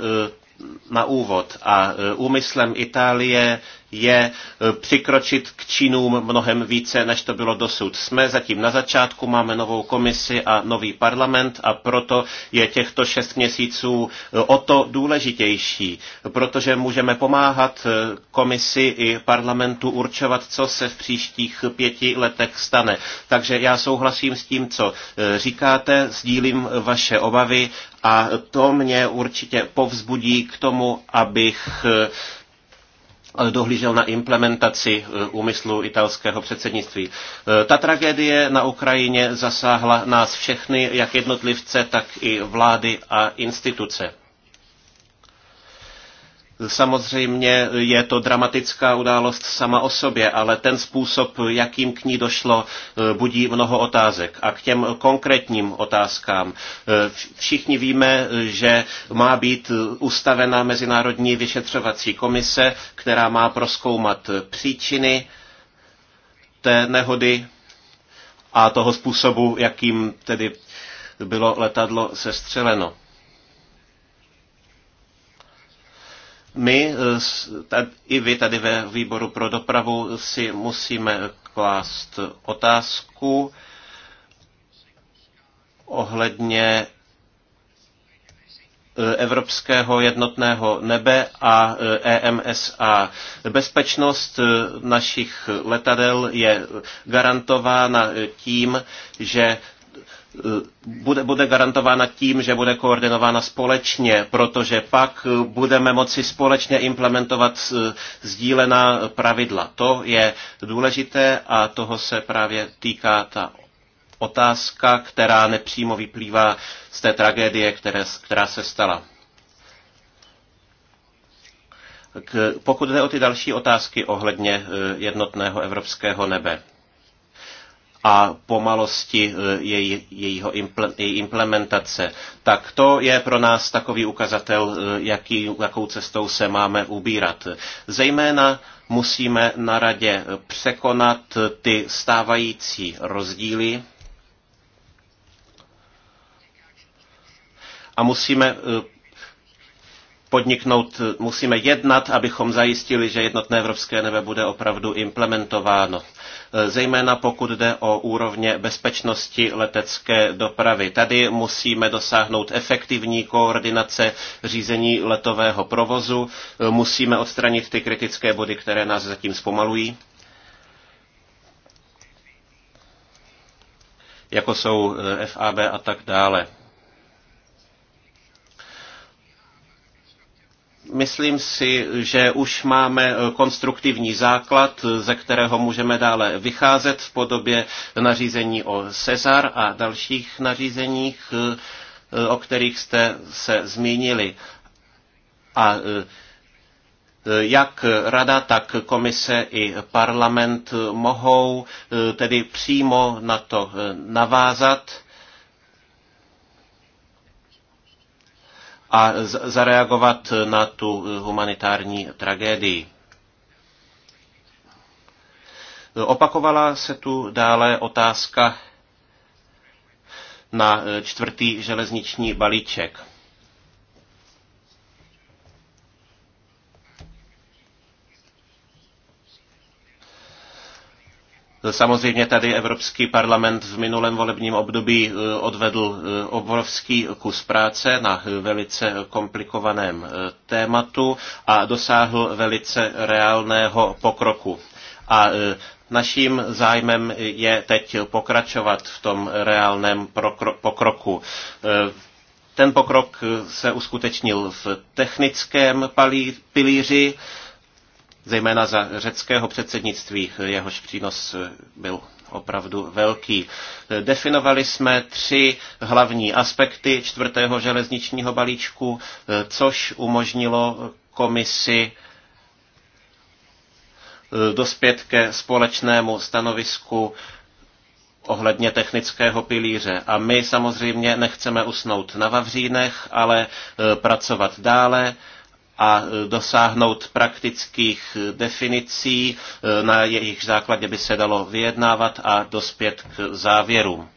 na úvod. A úmyslem Itálie je e, přikročit k činům mnohem více, než to bylo dosud. Jsme zatím na začátku, máme novou komisi a nový parlament a proto je těchto šest měsíců e, o to důležitější, protože můžeme pomáhat e, komisi i parlamentu určovat, co se v příštích pěti letech stane. Takže já souhlasím s tím, co říkáte, sdílím vaše obavy a to mě určitě povzbudí k tomu, abych Eh, dohlížel na implementaci eh, úmyslu italského předsednictví. Eh, ta tragédie na Ukrajině zasáhla nás všechny, jak jednotlivce, tak i vlády a instituce. Samozřejmě je to dramatická událost sama o sobě, ale ten způsob, jakým k ní došlo, e, budí mnoho otázek. A k těm konkrétním otázkám. E, všichni víme, že má být ustavena Mezinárodní vyšetřovací komise, která má proskoumat příčiny té nehody a toho způsobu, jakým tedy bylo letadlo sestřeleno. my eh, i vy tady ve výboru pro dopravu si musíme klást otázku ohledně eh, Evropského jednotného nebe a EMSA. Eh, e Bezpečnost našich letadel je garantována tím, že Eh, bude, bude garantována tím, že bude koordinována společně, protože pak eh, budeme moci společně implementovat eh, sdílená pravidla. To je důležité a toho se právě týká ta otázka, která nepřímo vyplývá z té tragédie, které, která se stala. K, pokud jde o ty další otázky ohledně jednotného evropského nebe a pomalosti e, její, jejího implementace. Tak to je pro nás takový ukazatel, e, jaký, jakou cestou se máme ubírat. Zejména musíme na radě překonat ty stávající rozdíly a musíme e, podniknout, musíme jednat, abychom zajistili, že jednotné evropské nebe bude opravdu implementováno. Eh, zejména pokud jde o úrovně bezpečnosti letecké dopravy. Tady musíme dosáhnout efektivní koordinace řízení letového provozu, eh, musíme odstranit ty kritické body, které nás zatím zpomalují. jako jsou eh, FAB a tak dále. Myslím si, že už máme konstruktivní základ, ze kterého můžeme dále vycházet v podobě nařízení o Cezar a dalších nařízeních, eh, eh, o kterých jste se zmínili. A eh, jak rada, tak komise i parlament mohou tedy přímo na to navázat a zareagovat na tu humanitární tragédii. Opakovala se tu dále otázka na čtvrtý železniční balíček. Samozřejmě tady Evropský parlament v minulém volebním období eh, odvedl eh, obrovský kus práce na eh, velice komplikovaném tématu a dosáhl velice reálného pokroku. A Naším zájmem je teď pokračovat v tom reálném pokroku. Ten pokrok se uskutečnil v technickém pilíři, zejména za řeckého předsednictví, jehož přínos byl opravdu velký. Definovali jsme tři hlavní aspekty čtvrtého železničního balíčku, což umožnilo komisi dospět ke společnému stanovisku ohledně technického pilíře. A my samozřejmě nechceme usnout na Vavřínech, ale pracovat dále a e, dosáhnout praktických e, definicí, e, na jejich základě by se dalo vyjednávat a dospět k závěrům.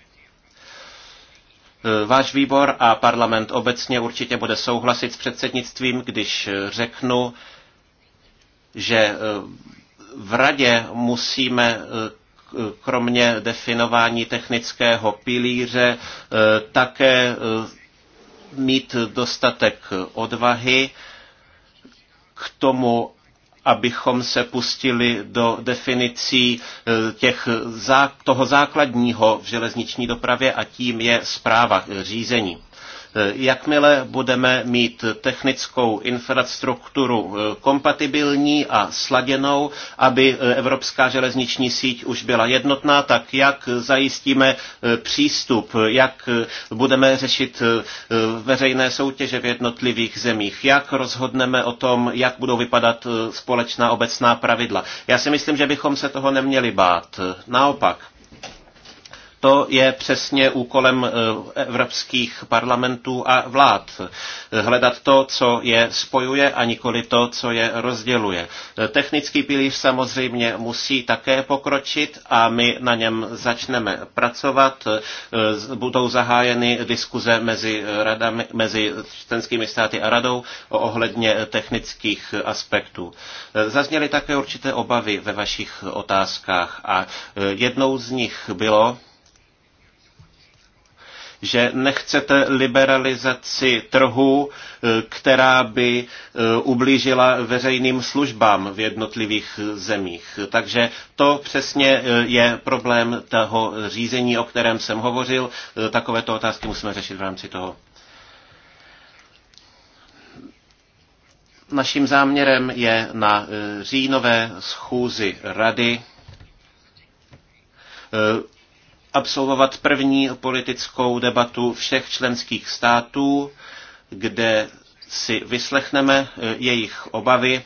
Váš výbor a parlament obecně určitě bude souhlasit s předsednictvím, když řeknu, že v radě musíme kromě definování technického pilíře také mít dostatek odvahy k tomu, abychom se pustili do definicí eh, těch, toho základního v železniční dopravě a tím je zpráva eh, řízení. Eh, jakmile budeme mít technickou infrastrukturu eh, kompatibilní a sladěnou, aby eh, evropská železniční síť už byla jednotná, tak jak zajistíme přístup, jak budeme řešit veřejné soutěže v jednotlivých zemích, jak rozhodneme o tom, jak budou vypadat společná obecná pravidla. Já si myslím, že bychom se toho neměli bát. Naopak, to je přesně úkolem eh, evropských parlamentů a vlád. Eh, hledat to, co je spojuje a nikoli to, co je rozděluje. Eh, technický pilíř samozřejmě musí také pokročit a my na něm začneme pracovat. Budou zahájeny diskuze mezi, radami, mezi členskými státy a radou ohledně technických aspektů. Zazněly také určité obavy ve vašich otázkách a jednou z nich bylo, že nechcete liberalizaci trhu, eh, která by eh, ublížila veřejným službám v jednotlivých zemích. Takže to přesně eh, je problém toho řízení, o kterém jsem hovořil. Takovéto otázky musíme řešit v rámci toho. Naším záměrem je na říjnové schůzi rady absolvovat první politickou debatu všech členských států, kde si vyslechneme eh, jejich obavy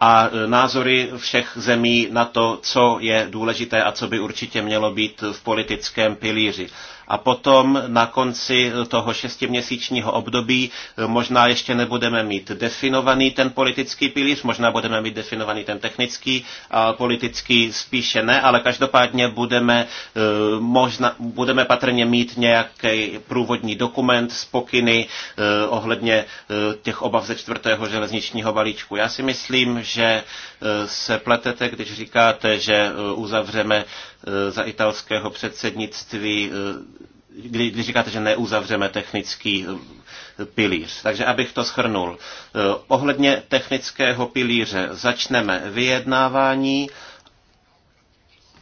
a eh, názory všech zemí na to, co je důležité a co by určitě mělo být v politickém pilíři a potom na konci toho šestiměsíčního období eh, možná ještě nebudeme mít definovaný ten politický pilíř, možná budeme mít definovaný ten technický a politický spíše ne, ale každopádně budeme, eh, možná, budeme patrně mít nějaký průvodní dokument z pokyny eh, ohledně těch obav ze čtvrtého železničního balíčku. Já si myslím, že se pletete, když říkáte, že uzavřeme Eh, za italského předsednictví, eh, kdy, kdy říkáte, že neuzavřeme technický eh, pilíř. Takže abych to schrnul. Ohledně technického pilíře začneme vyjednávání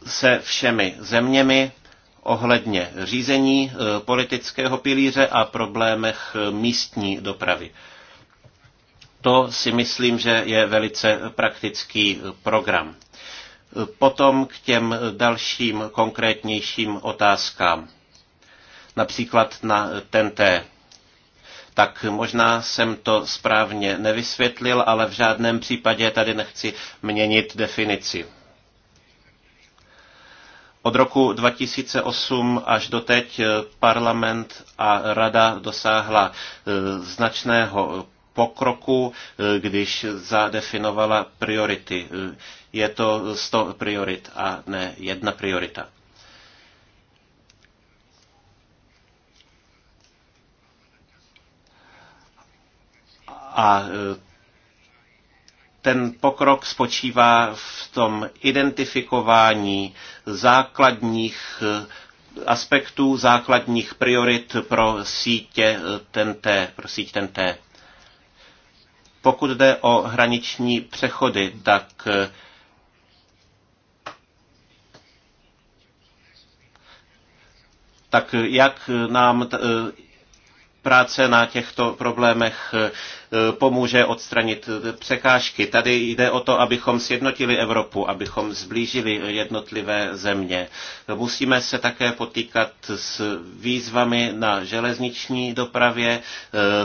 se všemi zeměmi ohledně řízení politického pilíře a problémech místní dopravy. To si myslím, že je velice praktický program. Potom k těm dalším konkrétnějším otázkám, například na TNT tak možná jsem to správně nevysvětlil, ale v žádném případě tady nechci měnit definici. Od roku 2008 až doteď eh, parlament a rada dosáhla eh, značného pokroku, eh, když zadefinovala priority. Eh, je to 100 priorit a ne jedna priorita. A eh, ten pokrok spočívá v tom identifikování základních aspektů, základních priorit pro sítě TNT, pro síť TNT. Pokud jde o hraniční přechody, tak eh, tak jak nám eh, práce na těchto problémech eh, pomůže odstranit překážky. Tady jde o to, abychom sjednotili Evropu, abychom zblížili jednotlivé země. Musíme se také potýkat s výzvami na železniční dopravě,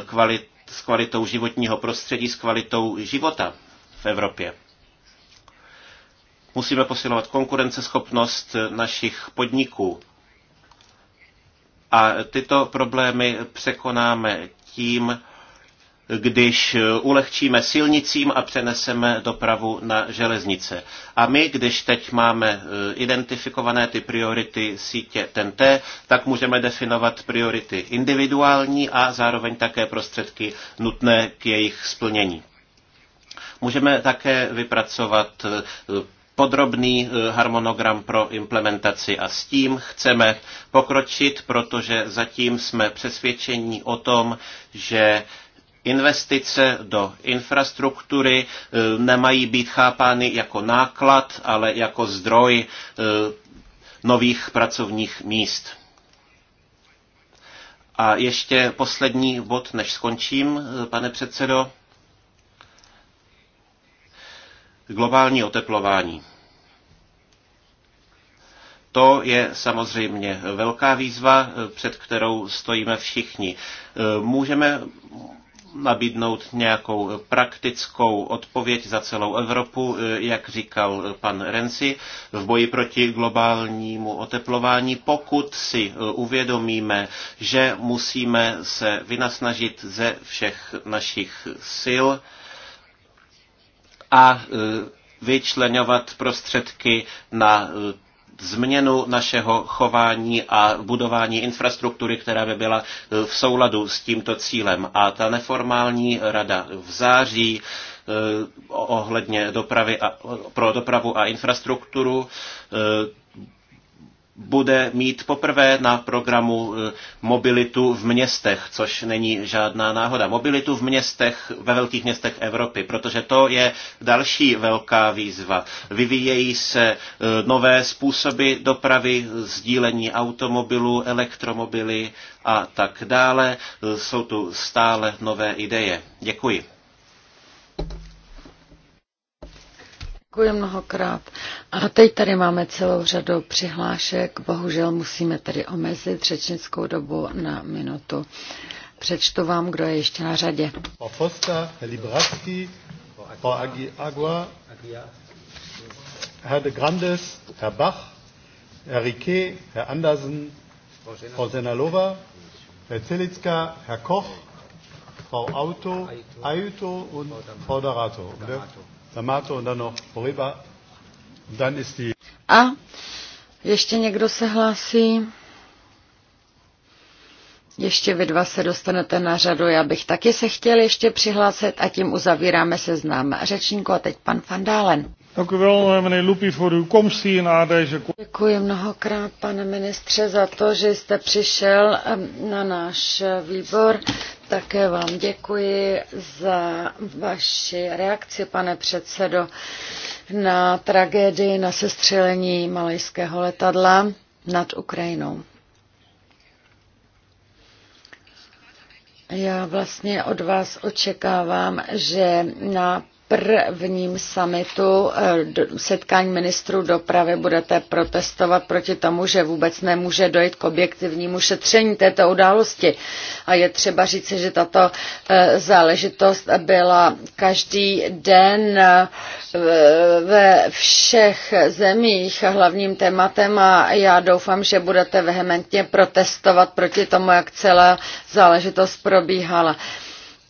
kvalit s kvalitou životního prostředí, s kvalitou života v Evropě. Musíme posilovat konkurenceschopnost našich podniků. A tyto problémy překonáme tím, když eh, ulehčíme silnicím a přeneseme dopravu na železnice. A my, když teď máme eh, identifikované ty priority sítě TNT, tak můžeme definovat priority individuální a zároveň také prostředky nutné k jejich splnění. Můžeme také vypracovat eh, podrobný harmonogram pro implementaci a s tím chceme pokročit, protože zatím jsme přesvědčení o tom, že Investice do infrastruktury e, nemají být chápány jako náklad, ale jako zdroj e, nových pracovních míst. A ještě poslední bod, než skončím, e, pane předsedo. Globální oteplování. To je samozřejmě velká výzva, před kterou stojíme všichni. Můžeme, nabídnout nějakou praktickou odpověď za celou Evropu, e, jak říkal pan Renzi, v boji proti globálnímu oteplování, pokud si e, uvědomíme, že musíme se vynasnažit ze všech našich sil a e, vyčlenovat prostředky na změnu našeho chování a budování infrastruktury, která by byla eh, v souladu s tímto cílem. A ta neformální rada v září eh, ohledně dopravy a, pro dopravu a infrastrukturu eh, bude mít poprvé na programu eh, mobilitu v městech, což není žádná náhoda. Mobilitu v městech, ve velkých městech Evropy, protože to je další velká výzva. Vyvíjejí se eh, nové způsoby dopravy, sdílení automobilů, elektromobily a tak dále. Eh, jsou tu stále nové ideje. Děkuji. Děkuji mnohokrát. A teď tady máme celou řadu přihlášek. Bohužel musíme tedy omezit řečnickou dobu na minutu. Přečtu vám, kdo je ještě na řadě. Frau Foster, Herr Libratski, Frau Agi Agua, Herr de Grandes, Herr Bach, Herr Riquet, Herr Andersen, Frau Senalova, Herr Zelicka, Herr Koch, Frau Auto, Aito und Frau D'Amato. A ještě někdo se hlásí? Ještě vy dva se dostanete na řadu. Já bych taky se chtěl ještě přihlásit a tím uzavíráme seznám řečníku a teď pan Fandálen. Děkuji mnohokrát, pane ministře, za to, že jste přišel ehm, na náš eh, výbor. Také vám děkuji za vaši reakci, pane předsedo, na tragédii na sestřelení malajského letadla nad Ukrajinou. Já vlastně od vás očekávám, že na prvním summitu eh, setkání ministrů dopravy budete protestovat proti tomu, že vůbec nemůže dojít k objektivnímu šetření této události. A je třeba říci, že tato eh, záležitost byla každý den eh, ve všech zemích hlavním tématem a já doufám, že budete vehementně protestovat proti tomu, jak celá záležitost probíhala.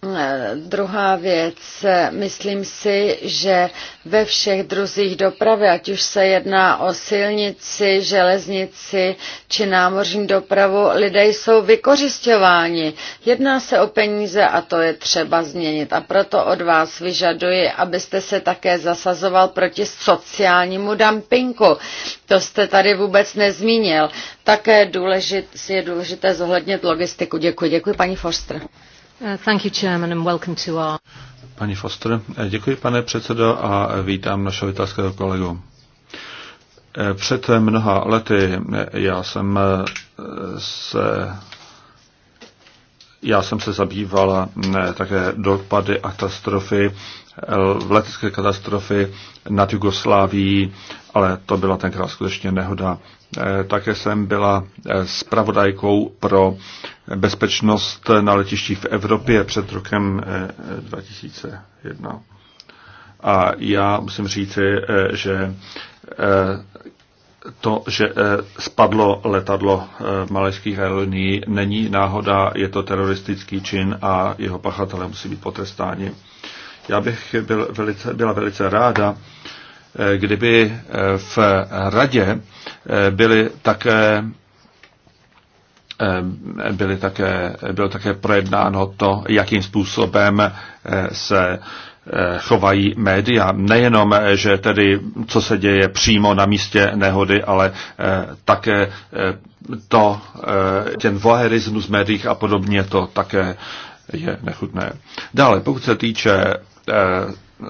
Eh, druhá věc, eh, myslím si, že ve všech druzích dopravy, ať už se jedná o silnici, železnici či námořní dopravu, lidé jsou vykořišťováni. Jedná se o peníze a to je třeba změnit. A proto od vás vyžaduji, abyste se také zasazoval proti sociálnímu dumpingu. To jste tady vůbec nezmínil. Také důležit, je důležité zohlednit logistiku. Děkuji, děkuji paní Forster. Uh, Pani Foster, eh, děkuji pane předsedo a vítám našeho italského kolegu. Eh, před mnoha lety eh, já jsem se já jsem se zabývala také dopady a katastrofy, letecké katastrofy nad Jugoslávií, ale to byla tenkrát skutečně nehoda. Také jsem byla spravodajkou pro bezpečnost na letištích v Evropě před rokem 2001. Eh, a já musím říci, eh, že eh, to, že spadlo letadlo malejských aerolinií, není náhoda, je to teroristický čin a jeho pachatelé musí být potrestáni. Já bych byl velice, byla velice ráda, kdyby v radě byly také Ehm, byly také, bylo také projednáno to, jakým způsobem eh, se eh, chovají média. Nejenom, eh, že tedy, co se děje přímo na místě nehody, ale také to, ten voherismus médií a podobně, to také je nechutné. Dále, pokud se týče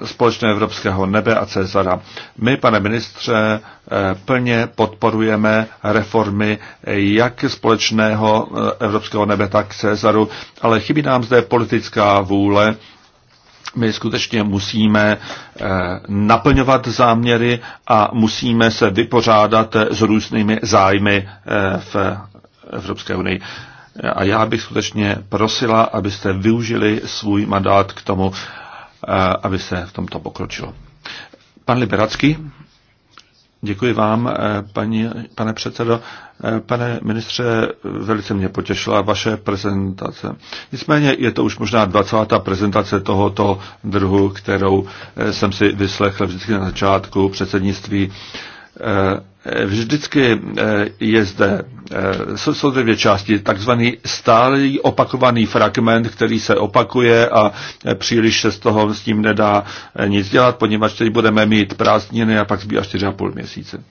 společné evropského nebe a Cezara. My, pane ministře, eh, plně podporujeme reformy jak společného eh, evropského nebe, tak Cezaru, ale chybí nám zde politická vůle, my skutečně musíme eh, naplňovat záměry a musíme se vypořádat s různými zájmy v Evropské unii. A já bych skutečně prosila, abyste využili svůj mandát k tomu, aby se v tomto pokročilo. Pan Liberacký. Děkuji vám, eh, paní, pane předsedo. Eh, pane ministře, velice mě potěšila vaše prezentace. Nicméně je to už možná 20. prezentace tohoto druhu, kterou eh, jsem si vyslechl vždycky na začátku předsednictví. Eh, vždycky eh, je zde, eh, jsou zde dvě části, takzvaný stálý opakovaný fragment, který se opakuje a příliš se z toho s tím nedá nic dělat, poněvadž teď budeme mít prázdniny a pak zbývá 4,5 měsíce.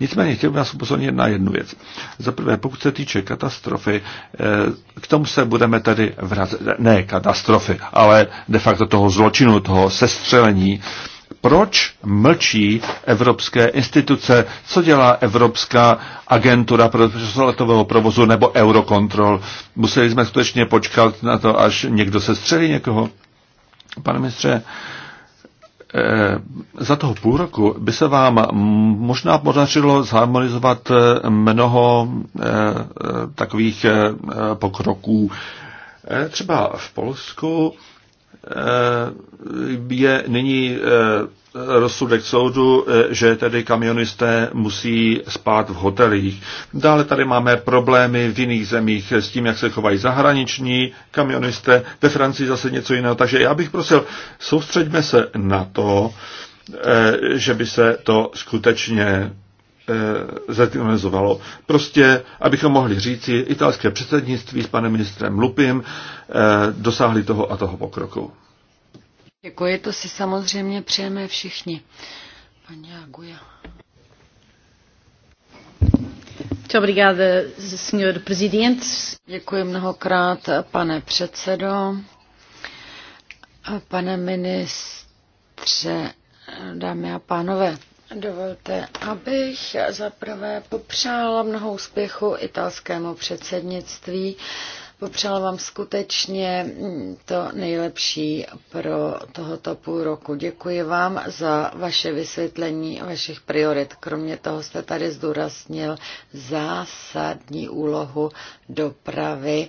Nicméně chtěl bych nás upozornit na jednu věc. Za prvé, pokud se týče katastrofy, k tomu se budeme tady vracet, ne katastrofy, ale de facto toho zločinu, toho sestřelení, proč mlčí evropské instituce? Co dělá Evropská agentura pro letového provozu nebo Eurocontrol? Museli jsme skutečně počkat na to, až někdo se střelí někoho? Pane ministře, eh, za toho půl roku by se vám možná podařilo zharmonizovat eh, mnoho eh, takových pokroků. Třeba v Polsku Eh, je nyní eh, rozsudek soudu, eh, že tedy kamionisté musí spát v hotelích. Dále tady máme problémy v jiných zemích s tím, jak se chovají zahraniční kamionisté, ve Francii zase něco jiného. Takže já bych prosil, soustřeďme se na to, že by se to skutečně Eh, zationalizovalo. Prostě, abychom mohli říci, italské předsednictví s panem ministrem Lupim eh, dosáhli toho a toho pokroku. Děkuji, to si samozřejmě přejeme všichni. Paní Aguja. Děkuji mnohokrát, pane předsedo, pane ministře, dámy a pánové. Dovolte, abych zaprvé popřála mnoho úspěchu italskému předsednictví Popřál vám skutečně mm, to nejlepší pro tohoto půl roku. Děkuji vám za vaše vysvětlení vašich priorit. Kromě toho jste tady zdůraznil zásadní úlohu dopravy,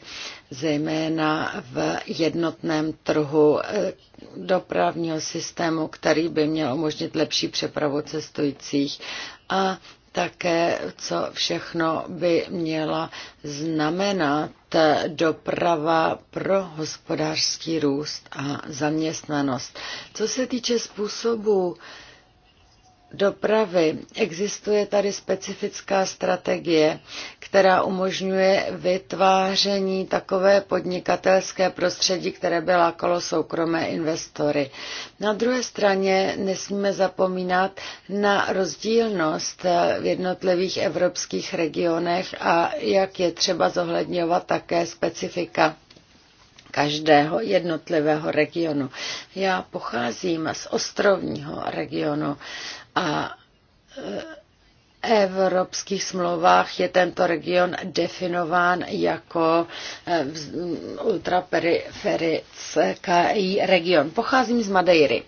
zejména v jednotném trhu eh, dopravního systému, který by měl umožnit lepší přepravu cestujících a také, co všechno by měla znamenat doprava pro hospodářský růst a zaměstnanost. Co se týče způsobu, dopravy existuje tady specifická strategie, která umožňuje vytváření takové podnikatelské prostředí, které by lákalo soukromé investory. Na druhé straně nesmíme zapomínat na rozdílnost v jednotlivých evropských regionech a jak je třeba zohledňovat také specifika každého jednotlivého regionu. Já pocházím z ostrovního regionu a e, evropských smlouvách je tento region definován jako e, ultraperiferický region. Pocházím z Madeiry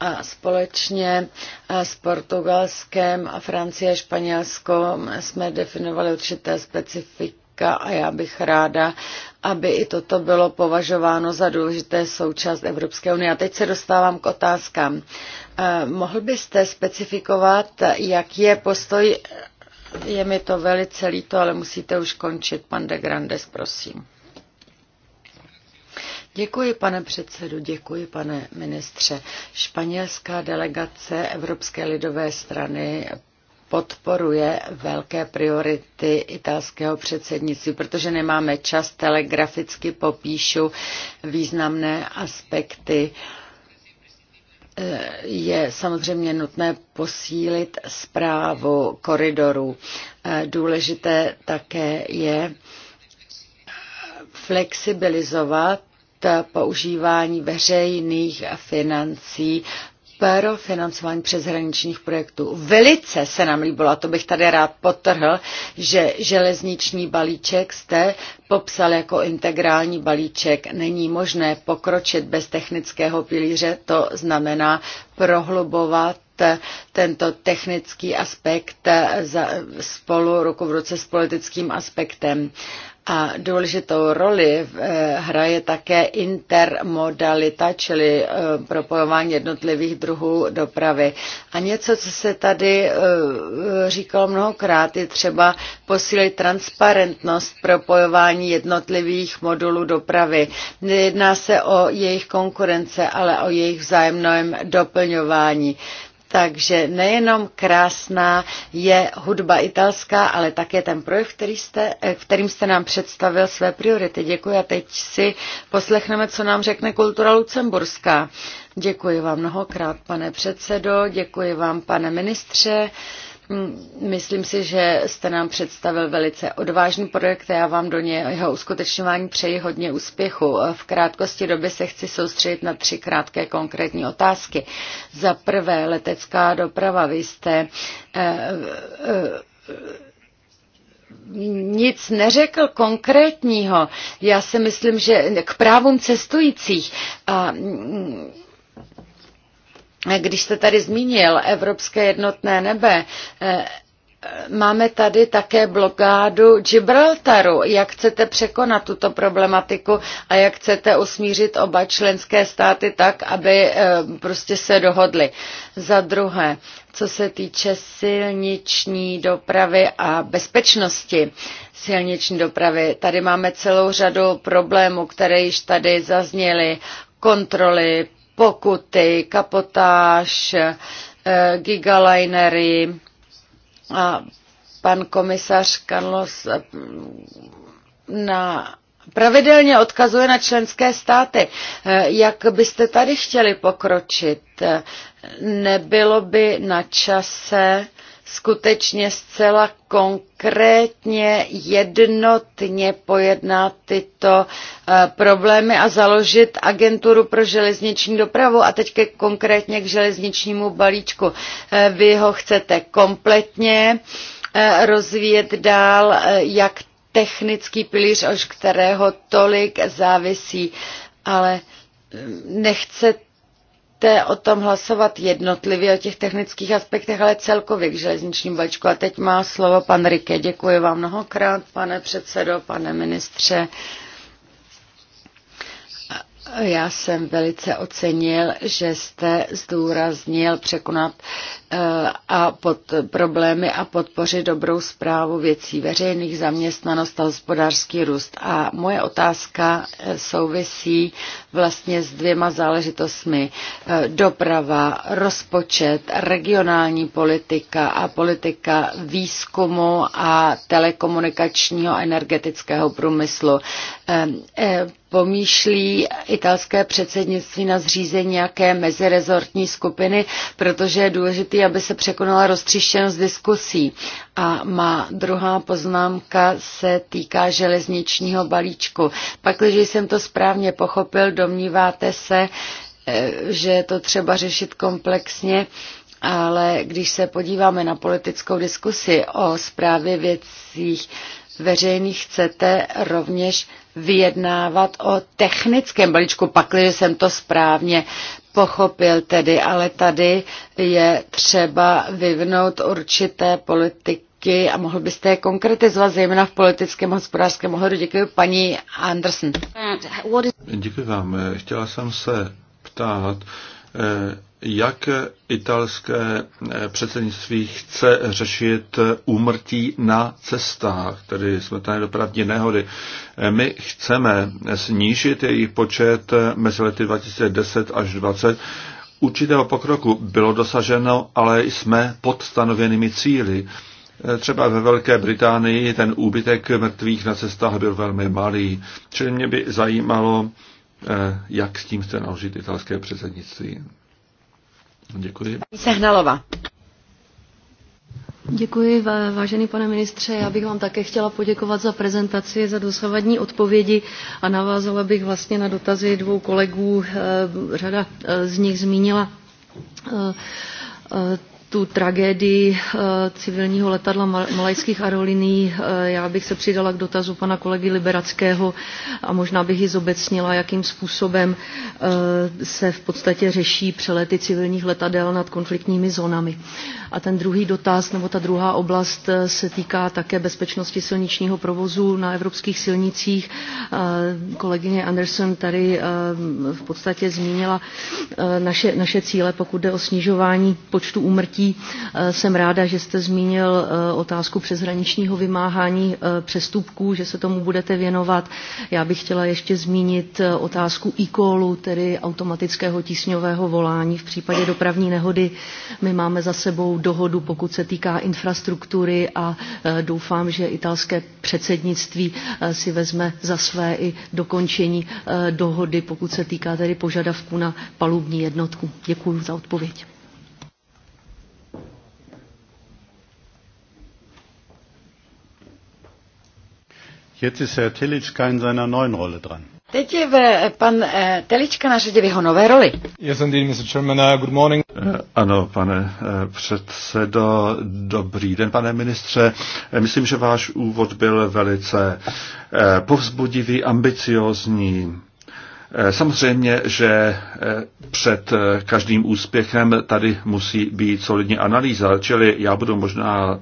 a společně e, s Portugalskem a Francie a Španělskou jsme definovali určité specifiky Řecka a já bych ráda, aby i toto bylo považováno za důležité součást Evropské unie. A teď se dostávám k otázkám. Eh, mohl byste specifikovat, jak je postoj, je mi to velice líto, ale musíte už končit, pan de Grandes, prosím. Děkuji, pane předsedu, děkuji, pane ministře. Španělská delegace Evropské lidové strany podporuje velké priority italského předsednictví. Protože nemáme čas, telegraficky popíšu významné aspekty je samozřejmě nutné posílit zprávu koridorů. Důležité také je flexibilizovat používání veřejných financí super financování přeshraničních projektů. Velice se nám líbilo, a to bych tady rád potrhl, že železniční balíček jste popsal jako integrální balíček. Není možné pokročit bez technického pilíře, to znamená prohlubovat tento technický aspekt spolu ruku v ruce s politickým aspektem. A důležitou roli eh, hraje také intermodalita, čili eh, propojování jednotlivých druhů dopravy. A něco, co se tady eh, říkalo mnohokrát, je třeba posílit transparentnost propojování jednotlivých modulů dopravy. Nejedná se o jejich konkurence, ale o jejich vzájemném doplňování. Takže nejenom krásná je hudba italská, ale také ten projekt, který jste, eh, kterým jste nám představil své priority. Děkuji a teď si poslechneme, co nám řekne kultura lucemburská. Děkuji vám mnohokrát, pane předsedo, děkuji vám, pane ministře. Myslím si, že jste nám představil velice odvážný projekt a já vám do něho uskutečňování přeji hodně úspěchu. V krátkosti doby se chci soustředit na tři krátké konkrétní otázky. Za prvé, letecká doprava. Vy jste eh, eh, nic neřekl konkrétního. Já si myslím, že k právům cestujících. A, když jste tady zmínil Evropské jednotné nebe, eh, Máme tady také blokádu Gibraltaru. Jak chcete překonat tuto problematiku a jak chcete usmířit oba členské státy tak, aby eh, prostě se dohodly? Za druhé, co se týče silniční dopravy a bezpečnosti silniční dopravy, tady máme celou řadu problémů, které již tady zazněly kontroly, pokuty, kapotáž, eh, gigalinery a pan komisař Carlos eh, na pravidelně odkazuje na členské státy. Eh, jak byste tady chtěli pokročit? Nebylo by na čase skutečně zcela konkrétně jednotně pojednat tyto eh, problémy a založit agenturu pro železniční dopravu a teď ke, konkrétně k železničnímu balíčku. Eh, vy ho chcete kompletně eh, rozvíjet dál, jak technický pilíř, od kterého tolik závisí, ale nechcete můžete o tom hlasovat jednotlivě, o těch technických aspektech, ale celkově k železničním balíčku. A teď má slovo pan Rike. Děkuji vám mnohokrát, pane předsedo, pane ministře. Já jsem velice ocenil, že jste zdůraznil překonat eh, a pod problémy a podpořit dobrou zprávu věcí veřejných, zaměstnanost a hospodářský růst. A moje otázka eh, souvisí vlastně s dvěma záležitostmi. Eh, doprava, rozpočet, regionální politika a politika výzkumu a telekomunikačního energetického průmyslu pomýšlí italské předsednictví na zřízení nějaké mezirezortní skupiny, protože je důležité, aby se překonala roztřištěnost diskusí. A má druhá poznámka se týká železničního balíčku. Pak, když jsem to správně pochopil, domníváte se, eh, že je to třeba řešit komplexně, ale když se podíváme na politickou diskusi o zprávě věcích veřejných, chcete rovněž vyjednávat o technickém balíčku, pakliže jsem to správně pochopil tedy, ale tady je třeba vyvnout určité politiky a mohl byste je konkretizovat, zejména v politickém a hospodářském ohledu. Děkuji paní Anderson. Děkuji vám. Chtěla jsem se ptát, eh, jak italské eh, předsednictví chce řešit úmrtí na cestách, tedy smrtelné dopravní nehody. Eh, my chceme snížit jejich počet eh, mezi lety 2010 až 2020. Určitého pokroku bylo dosaženo, ale jsme pod stanovenými cíly. Třeba ve Velké Británii ten úbytek mrtvých na cestách byl velmi malý. Čili mě by zajímalo, jak s tím chce naložit italské předsednictví. Děkuji. Sehnalova. Děkuji, vážený pane ministře. Já bych vám také chtěla poděkovat za prezentaci, za dosavadní odpovědi a navázala bych vlastně na dotazy dvou kolegů. Eh, řada eh, z nich zmínila eh, tu tragédii eh, civilního letadla malajských aerolinií. Eh, já bych se přidala k dotazu pana kolegy Liberackého a možná bych ji zobecnila, jakým způsobem eh, se v podstatě řeší přelety civilních letadel nad konfliktními zónami. A ten druhý dotaz nebo ta druhá oblast eh, se týká také bezpečnosti silničního provozu na evropských silnicích. Eh, kolegyně Anderson tady eh, v podstatě zmínila naše, naše cíle, pokud jde o snižování počtu úmrtí. Jsem ráda, že jste zmínil otázku přeshraničního vymáhání přestupků, že se tomu budete věnovat. Já bych chtěla ještě zmínit otázku e-callu, tedy automatického tísňového volání v případě dopravní nehody. My máme za sebou dohodu, pokud se týká infrastruktury a e, doufám, že italské předsednictví e, si vezme za své i dokončení e, dohody, pokud se týká tedy požadavku na palubní jednotku. Děkuji za odpověď. Jetzt ist Herr Tillitschka in seiner neuen Rolle dran. Teď je v, eh, pan eh, Telička na řadě v jeho nové roli. Yes, indeed, Mr. Chairman. Uh, good morning. Eh, ano, pane eh, předsedo, dobrý den, pane ministře. Myslím, že váš úvod byl velice eh, povzbudivý, ambiciozní. Samozřejmě, že před každým úspěchem tady musí být solidní analýza, čili já budu možná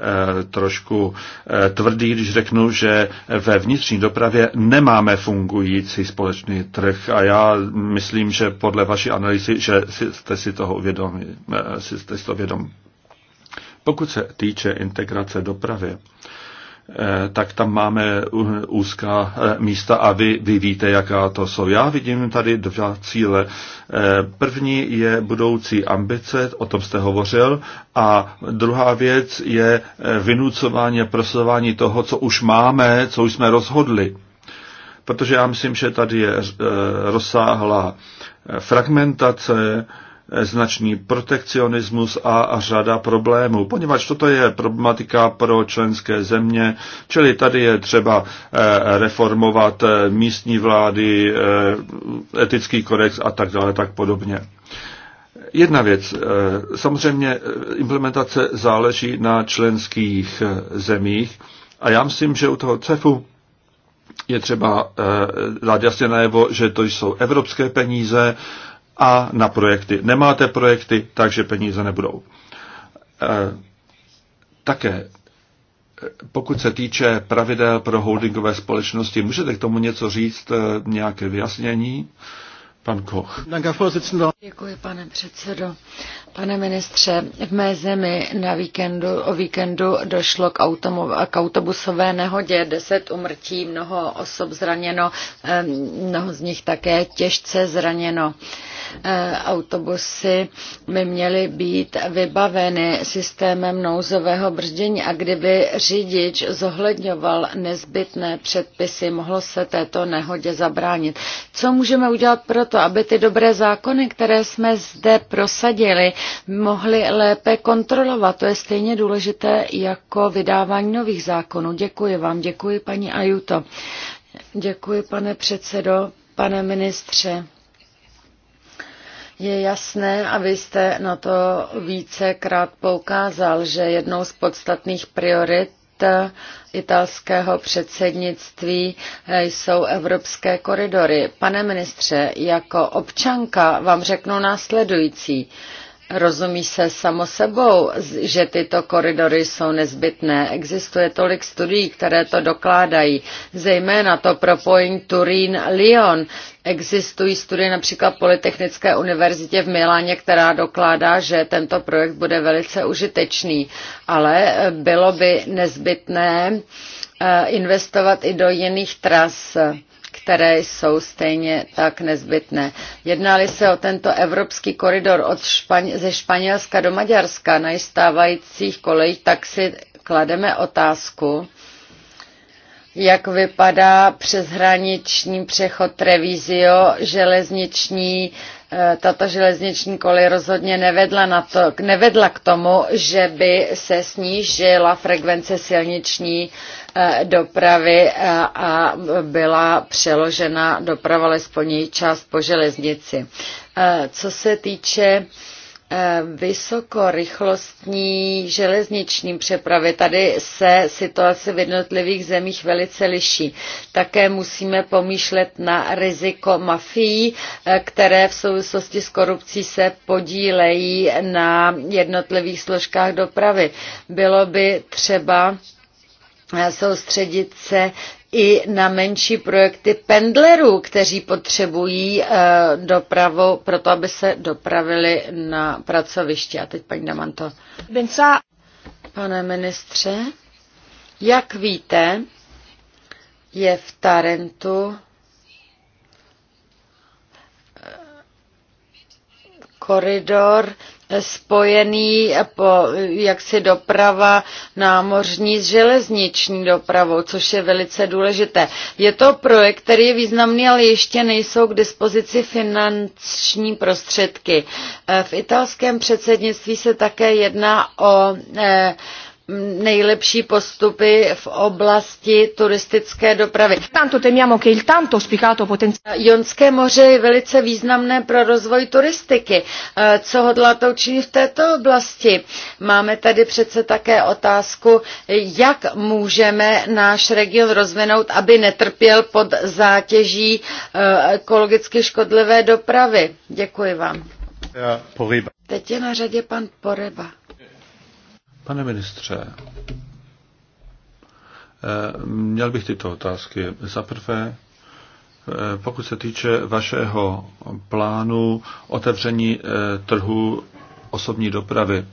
Eh, trošku eh, tvrdý, když řeknu, že ve vnitřní dopravě nemáme fungující společný trh a já myslím, že podle vaší analýzy, že jste si toho vědomi, eh, jste si to vědom. Pokud se týče integrace dopravy, Eh, tak tam máme eh, úzká eh, místa a vy, vy víte, jaká to jsou. Já vidím tady dva cíle. První je budoucí ambice, o tom jste hovořil, a druhá věc je vynucování a prosazování toho, co už máme, co už jsme rozhodli. Protože já myslím, že tady je rozsáhlá fragmentace, značný protekcionismus a řada problémů, poněvadž toto je problematika pro členské země, čili tady je třeba eh, reformovat eh, místní vlády, eh, etický kodex a tak dále, tak podobně. Jedna věc. Samozřejmě implementace záleží na členských zemích a já myslím, že u toho CEFu je třeba dát jasně najevo, že to jsou evropské peníze, a na projekty. Nemáte projekty, takže peníze nebudou. E, také e, pokud se týče pravidel pro holdingové společnosti, můžete k tomu něco říct, e, nějaké vyjasnění? Pan Koch. Děkuji, pane předsedo. Pane ministře, v mé zemi na víkendu, o víkendu došlo k, automo- k autobusové nehodě. Deset umrtí, mnoho osob zraněno, mnoho z nich také těžce zraněno. Uh, Eh, autobusy by měly být vybaveny systémem nouzového brzdění a kdyby řidič zohledňoval nezbytné předpisy, mohlo se této nehodě zabránit. Co můžeme udělat pro to, aby ty dobré zákony, které jsme zde prosadili, mohly lépe kontrolovat? To je stejně důležité jako vydávání nových zákonů. Děkuji vám, děkuji paní Ajuto. Děkuji, pane předsedo, pane ministře. Je jasné, a vy jste na to vícekrát poukázal, že jednou z podstatných priorit eh, italského předsednictví eh, jsou evropské koridory. Pane ministře, jako občanka vám řeknu následující. Rozumí se samo sebou, že tyto koridory jsou nezbytné. Existuje tolik studií, které to dokládají. Zejména to propojení Turín-Lyon. Existují studie například Politechnické univerzitě v Miláně, která dokládá, že tento projekt bude velice užitečný. Ale bylo by nezbytné eh, investovat i do jiných tras které jsou stejně tak nezbytné. Jednali se o tento evropský koridor od Špaň- ze Španělska do Maďarska na stávajících kolejích, tak si klademe otázku, jak vypadá přeshraniční přechod Trevizio železniční eh, tato železniční kolej rozhodně nevedla, na to, nevedla k tomu, že by se snížila frekvence silniční Eh, dopravy eh, a byla přeložena doprava alespoň část po železnici. Eh, co se týče vysokorychlostní železniční přepravy. Tady se situace v jednotlivých zemích velice liší. Také musíme pomýšlet na riziko mafií, které v souvislosti s korupcí se podílejí na jednotlivých složkách dopravy. Bylo by třeba soustředit se i na menší projekty pendlerů, kteří potřebují eh, dopravu pro to, aby se dopravili na pracoviště. A teď paní Damanto. Pane ministře, jak víte, je v Tarentu eh, koridor spojený po, jaksi doprava námořní s železniční dopravou, což je velice důležité. Je to projekt, který je významný, ale ještě nejsou k dispozici finanční prostředky. Eh, v italském předsednictví se také jedná o eh, nejlepší postupy v oblasti turistické dopravy. Tanto temiamo che il tanto auspicato potenziale. Jonské moře je velice významné pro rozvoj turistiky. E, co to učinit v této oblasti? Máme tady přece také otázku, jak můžeme náš region rozvinout, aby netrpěl pod zátěží e, ekologicky škodlivé dopravy. Děkuji vám. Teď je na řadě pan Poreba. Pane ministře, eh, měl bych tyto otázky. Za prvé, eh, pokud se týče vašeho plánu otevření eh, trhu osobní dopravy.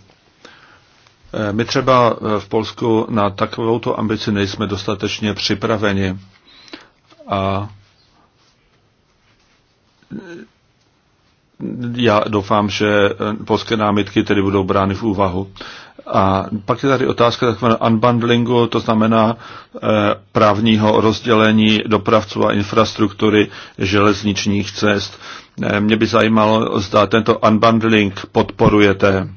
My třeba v Polsku na takovouto ambici nejsme dostatečně připraveni. A já doufám, že polské námitky tedy budou brány v úvahu. A pak je tady otázka takového unbundlingu, to znamená e, právního rozdělení dopravců a infrastruktury železničních cest. E, mě by zajímalo, zda tento unbundling podporujete.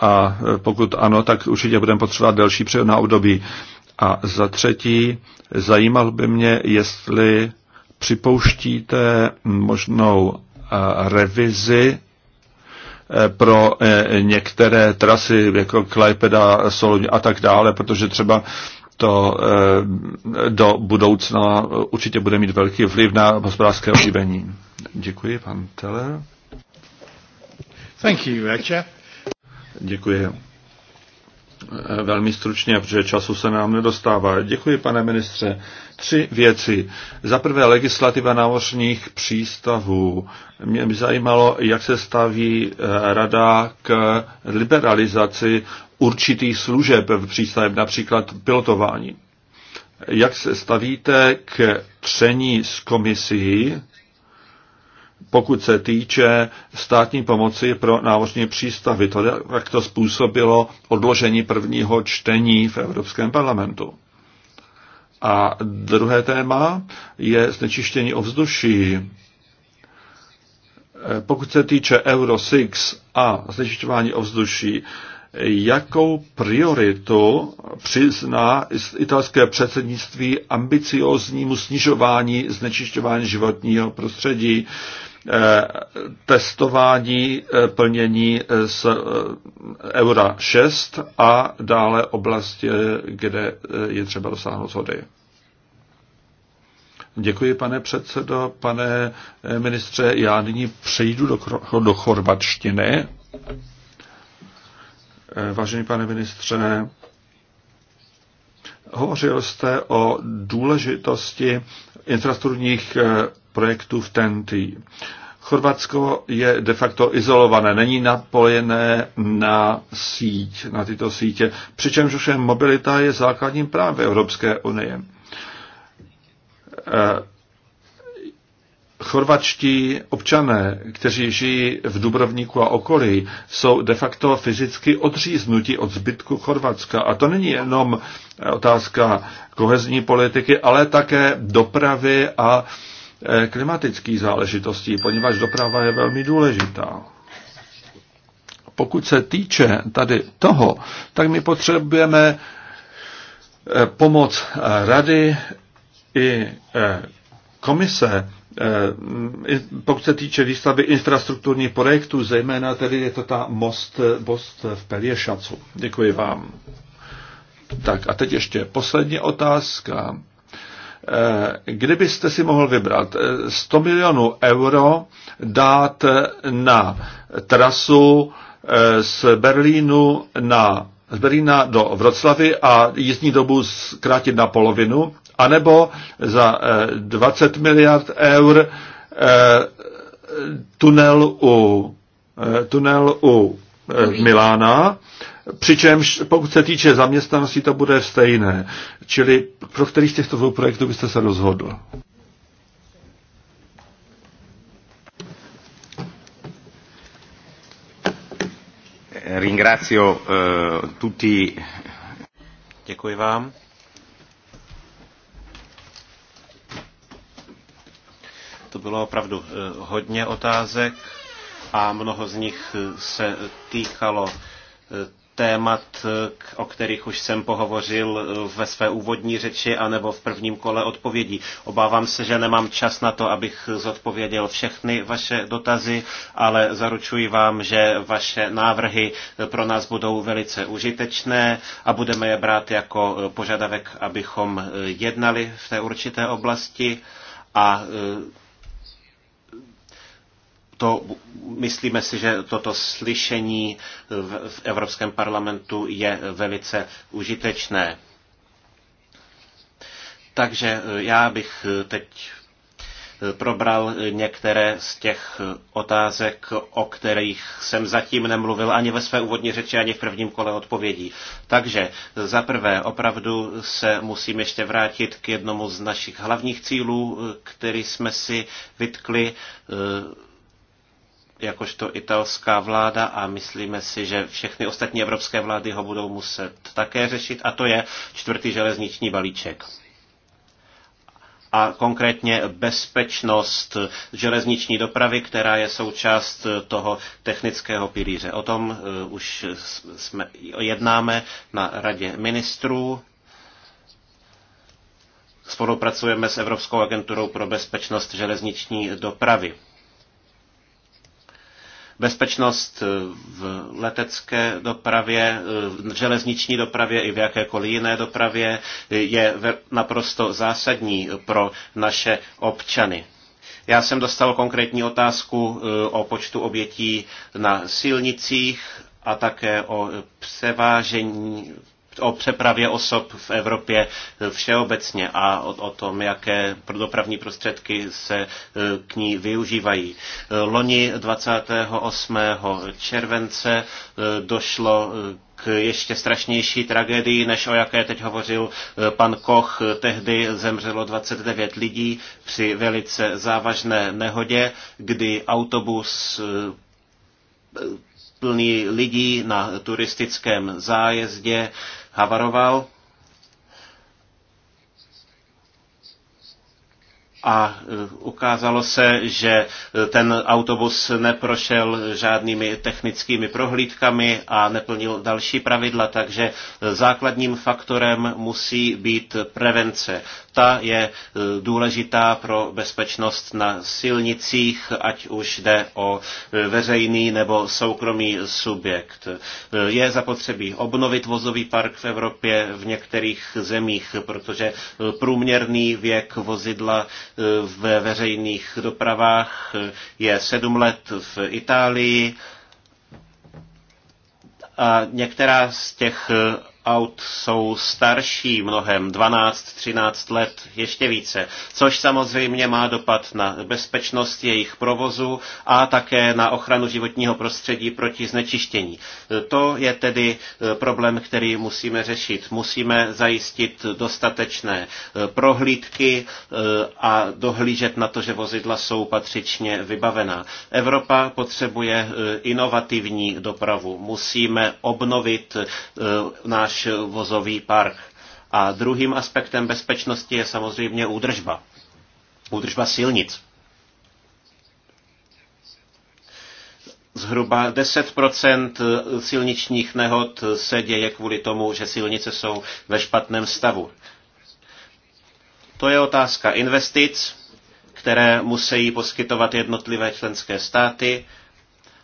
A eh, pokud ano, tak určitě budeme potřebovat delší přehodná období. A za třetí, zajímal by mě, jestli připouštíte možnou revizi pro eh, některé trasy, jako Klaipeda, Soloň a tak dále, protože třeba to eh, do budoucna určitě bude mít velký vliv na hospodářské oživení. Děkuji, pan Teller. Thank you, Richard. Děkuji. Eh, velmi stručně, protože času se nám nedostává. Děkuji, pane ministře. Tři věci. Za prvé legislativa námořních přístavů. Mě by zajímalo, jak se staví eh, rada k liberalizaci určitých služeb v přístavě, například pilotování. Jak se stavíte k tření s komisí pokud se týče státní pomoci pro námořní přístavy. To, jak to způsobilo odložení prvního čtení v Evropském parlamentu. A druhé téma je znečištění ovzduší. Pokud se týče Euro 6 a znečišťování ovzduší, jakou prioritu přizná italské předsednictví ambicioznímu snižování znečišťování životního prostředí Eh, testování eh, plnění z eh, Eura 6 a dále oblast, kde je třeba dosáhnout shody. Děkuji, pane předsedo. Pane ministře, já nyní přejdu do, do chorvatštiny. Vážený pane ministře, hovořil jste o důležitosti infrastrukturních projektů v TNT. Chorvatsko je de facto izolované, není napojené na síť, na tyto sítě, přičemž už je mobilita je základním právem Evropské unie. Eh, Chorvačtí občané, kteří žijí v Dubrovníku a okolí, jsou de facto fyzicky odříznutí od zbytku Chorvatska. A to není jenom otázka kohezní politiky, ale také dopravy a uh, Eh, klimatických záležitostí, poněvadž doprava je velmi důležitá. Pokud se týče tady toho, tak my potřebujeme eh, pomoc eh, rady i komise, pokud se týče výstavby infrastrukturních projektů, zejména tedy je to ta most, most v Pelješacu. Děkuji vám. Tak a teď ještě poslední otázka. Eh, kdybyste si mohl vybrat 100 eh, milionů euro dát eh, na trasu z Berlínu na z Berlína do Vroclavy a jízdní dobu zkrátit na polovinu, anebo za 20 miliard eur tunel u, tunel u Milána, Přičemž pokud se týče zaměstnanosti, to bude stejné. Čili pro který z těchto dvou projektů byste se rozhodl? Ringrazio uh, tutti. Děkuji vám. To bylo opravdu eh, hodně otázek a mnoho z nich eh, se týkalo témat, o kterých už jsem pohovořil eh, ve své úvodní řeči anebo v prvním kole odpovědí. Obávám se, že nemám čas na to, abych zodpověděl všechny vaše dotazy, ale zaručuji vám, že vaše návrhy eh, pro nás budou velice užitečné a budeme je brát jako eh, požadavek, abychom jednali v té určité oblasti a to, myslíme si, že toto slyšení v Evropském parlamentu je velice užitečné. Takže eh, já bych eh, teď eh, probral některé z těch otázek, o kterých jsem zatím nemluvil ani ve své úvodní řeči, ani v prvním kole odpovědí. Takže za prvé, opravdu se musím ještě vrátit k jednomu z našich hlavních cílů, který jsme si vytkli jakožto italská vláda a myslíme si, že všechny ostatní evropské vlády ho budou muset také řešit a to je čtvrtý železniční balíček a konkrétně bezpečnost železniční dopravy, která je součást toho technického pilíře. O tom eh, už jsme, jednáme na radě ministrů. Spolupracujeme s Evropskou agenturou pro bezpečnost železniční dopravy. Bezpečnost eh, v letecké dopravě, eh, v železniční dopravě i v jakékoliv jiné dopravě eh, je naprosto zásadní pro naše občany. Já jsem dostal konkrétní otázku o počtu obětí na silnicích a také o převážení o přepravě osob v Evropě eh, všeobecně a o, o tom, jaké dopravní prostředky se eh, k ní využívají. Eh, loni 28. července došlo k ještě strašnější tragédii, než o jaké teď hovořil pan Koch. Tehdy zemřelo 29 lidí při velice závažné nehodě, kdy autobus plný lidí na turistickém zájezdě havaroval a e, ukázalo se, že e, ten autobus neprošel žádnými technickými prohlídkami a neplnil další pravidla, takže e, základním faktorem musí být prevence cesta je e, důležitá pro bezpečnost na silnicích, ať už jde o e, veřejný nebo soukromý subjekt. E, je zapotřebí obnovit vozový park v Evropě v některých zemích, protože průměrný věk vozidla ve veřejných dopravách je sedm let v Itálii, a některá z těch aut jsou starší mnohem, 12-13 let, ještě více, což samozřejmě má dopad na bezpečnost jejich provozu a také na ochranu životního prostředí proti znečištění. To je tedy e, problém, který musíme řešit. Musíme zajistit dostatečné e, prohlídky e, a dohlížet na to, že vozidla jsou patřičně vybavená. Evropa potřebuje inovativní dopravu. Musíme obnovit náš náš vozový park. A druhým aspektem bezpečnosti je samozřejmě údržba. Údržba silnic. Zhruba 10% silničních nehod se děje kvůli tomu, že silnice jsou ve špatném stavu. To je otázka investic, které musí poskytovat jednotlivé členské státy,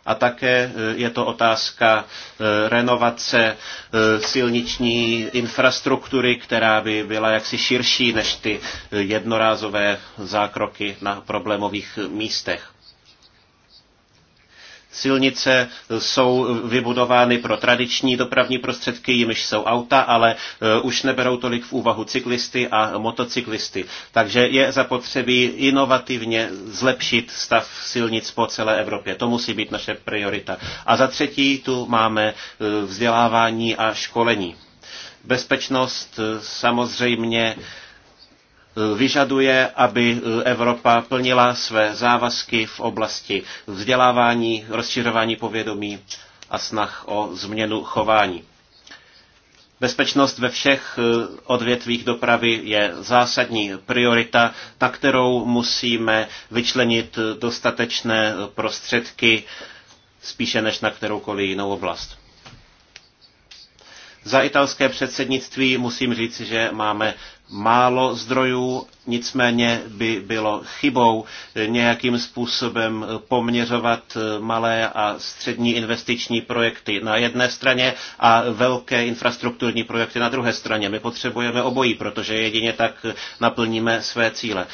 a také e, je to otázka e, renovace e, silniční infrastruktury, která by byla jaksi širší než ty jednorázové zákroky na problémových místech. Silnice jsou vybudovány pro tradiční dopravní prostředky, jimiž jsou auta, ale eh, už neberou tolik v úvahu cyklisty a motocyklisty. Takže je zapotřebí inovativně zlepšit stav silnic po celé Evropě. To musí být naše priorita. A za třetí tu máme eh, vzdělávání a školení. Bezpečnost eh, samozřejmě vyžaduje, aby Evropa plnila své závazky v oblasti vzdělávání, rozšiřování povědomí a snah o změnu chování. Bezpečnost ve všech eh, odvětvích dopravy je zásadní priorita, na kterou musíme vyčlenit dostatečné prostředky spíše než na kteroukoliv jinou oblast. Za italské předsednictví musím říct, že máme málo zdrojů, nicméně by bylo chybou nějakým způsobem poměřovat malé a střední investiční projekty na jedné straně a velké infrastrukturní projekty na druhé straně. My potřebujeme obojí, protože jedině tak naplníme své cíle.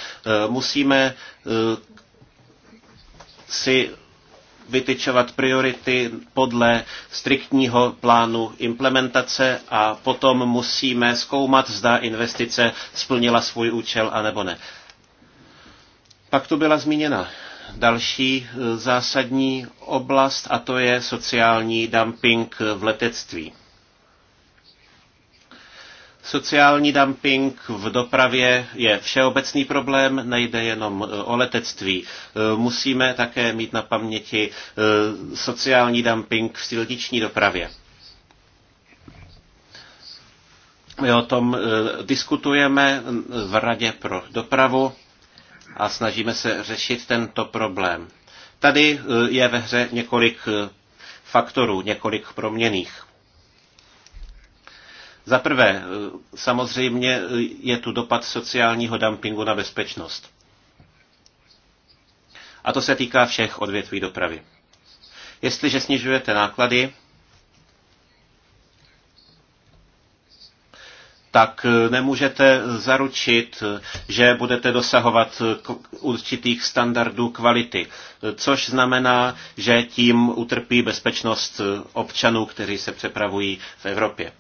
Musíme eh, si vytyčovat priority podle striktního plánu implementace a potom musíme zkoumat, zda investice splnila svůj účel a nebo ne. Pak tu byla zmíněna další e, zásadní oblast a to je sociální dumping v letectví. Sociální dumping v dopravě je všeobecný problém, nejde jenom e, o letectví. E, musíme také mít na paměti e, sociální dumping v silniční dopravě. My o tom diskutujeme v Radě pro dopravu a snažíme se řešit tento problém. Tady je ve hře několik faktorů, několik proměných. Za prvé, e, samozřejmě e, je tu dopad sociálního dumpingu na bezpečnost. A to se týká všech odvětví dopravy. Jestliže snižujete náklady, tak e, nemůžete zaručit, že budete dosahovat určitých standardů kvality, což znamená, že tím utrpí bezpečnost občanů, kteří se přepravují v Evropě.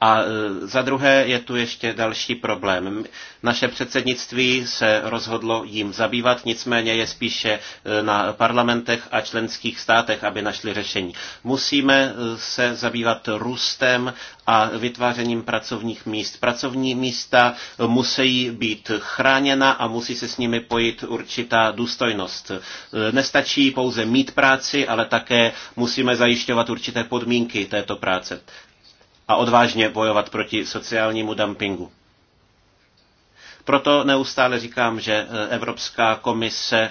A e, za druhé je tu ještě další problém. Naše předsednictví se rozhodlo jim zabývat, nicméně je spíše e, na parlamentech a členských státech, aby našli řešení. Musíme e, se zabývat růstem a vytvářením pracovních míst. Pracovní místa musí být chráněna a musí se s nimi pojít určitá důstojnost. Nestačí pouze mít práci, ale také musíme zajišťovat určité podmínky této práce a odvážně bojovat proti sociálnímu dumpingu. Proto neustále říkám, že e, Evropská komise e,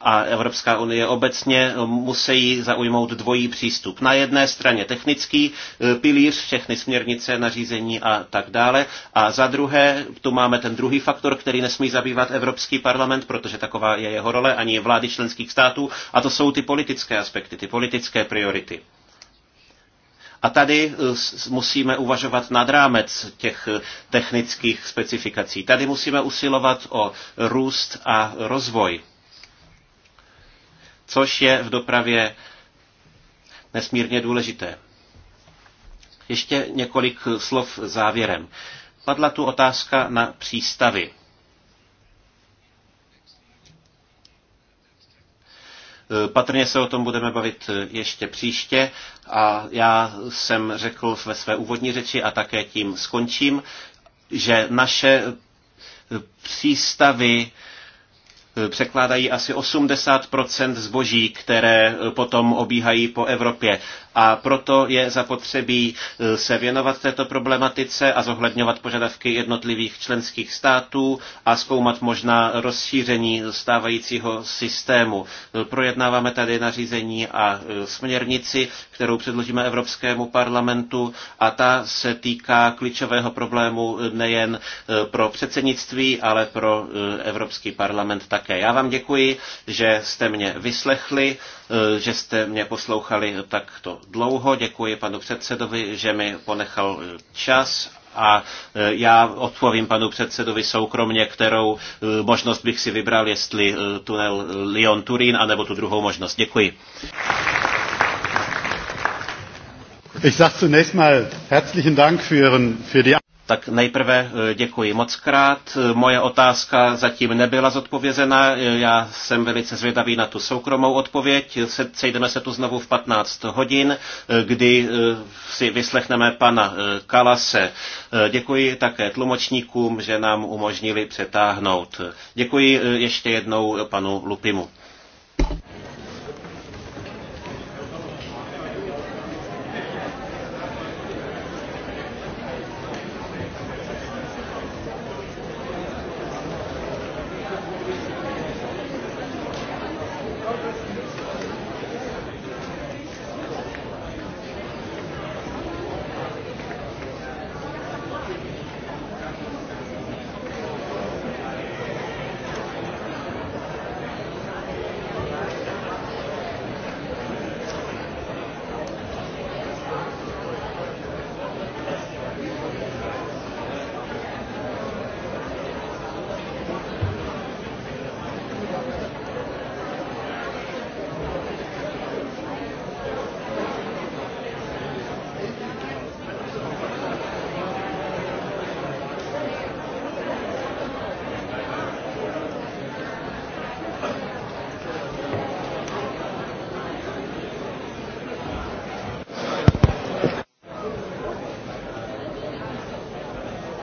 a Evropská unie obecně musí zaujmout dvojí přístup. Na jedné straně technický e, pilíř, všechny směrnice, nařízení a tak dále. A za druhé, tu máme ten druhý faktor, který nesmí zabývat Evropský parlament, protože taková je jeho role, ani vlády členských států. A to jsou ty politické aspekty, ty politické priority. A tady eh, musíme uvažovat nad rámec těch eh, technických specifikací. Tady musíme usilovat o růst a rozvoj, což je v dopravě nesmírně důležité. Ještě několik eh, slov závěrem. Padla tu otázka na přístavy. Eh, patrně se o tom budeme bavit eh, ještě příště a já jsem řekl ve své úvodní řeči a také tím skončím, že naše eh, přístavy Eh, překládají asi 80 zboží, které eh, potom obíhají po Evropě. A proto je zapotřebí eh, se věnovat této problematice a zohledňovat požadavky jednotlivých členských států a zkoumat možná rozšíření stávajícího systému. Projednáváme tady nařízení a směrnici, kterou předložíme Evropskému parlamentu a ta se týká klíčového problému nejen pro předsednictví, ale pro Evropský parlament tak také. Já vám děkuji, že jste mě vyslechli, eh, že jste mě poslouchali takto dlouho. Děkuji panu předsedovi, že mi ponechal eh, čas a eh, já odpovím panu předsedovi soukromně, kterou možnost bych si vybral, jestli tunel Lyon-Turín, anebo tu druhou možnost. Děkuji. Ich sage zunächst mal herzlichen Dank für, Ihren, für die tak nejprve eh, děkuji moc krát. Moje otázka zatím nebyla zodpovězena. Já jsem velice zvědavý na tu soukromou odpověď. Sejdeme se tu znovu v 15 hodin, eh, kdy eh, si vyslechneme pana Kalase. Děkuji také tlumočníkům, že nám umožnili přetáhnout. Děkuji ještě jednou panu Lupimu.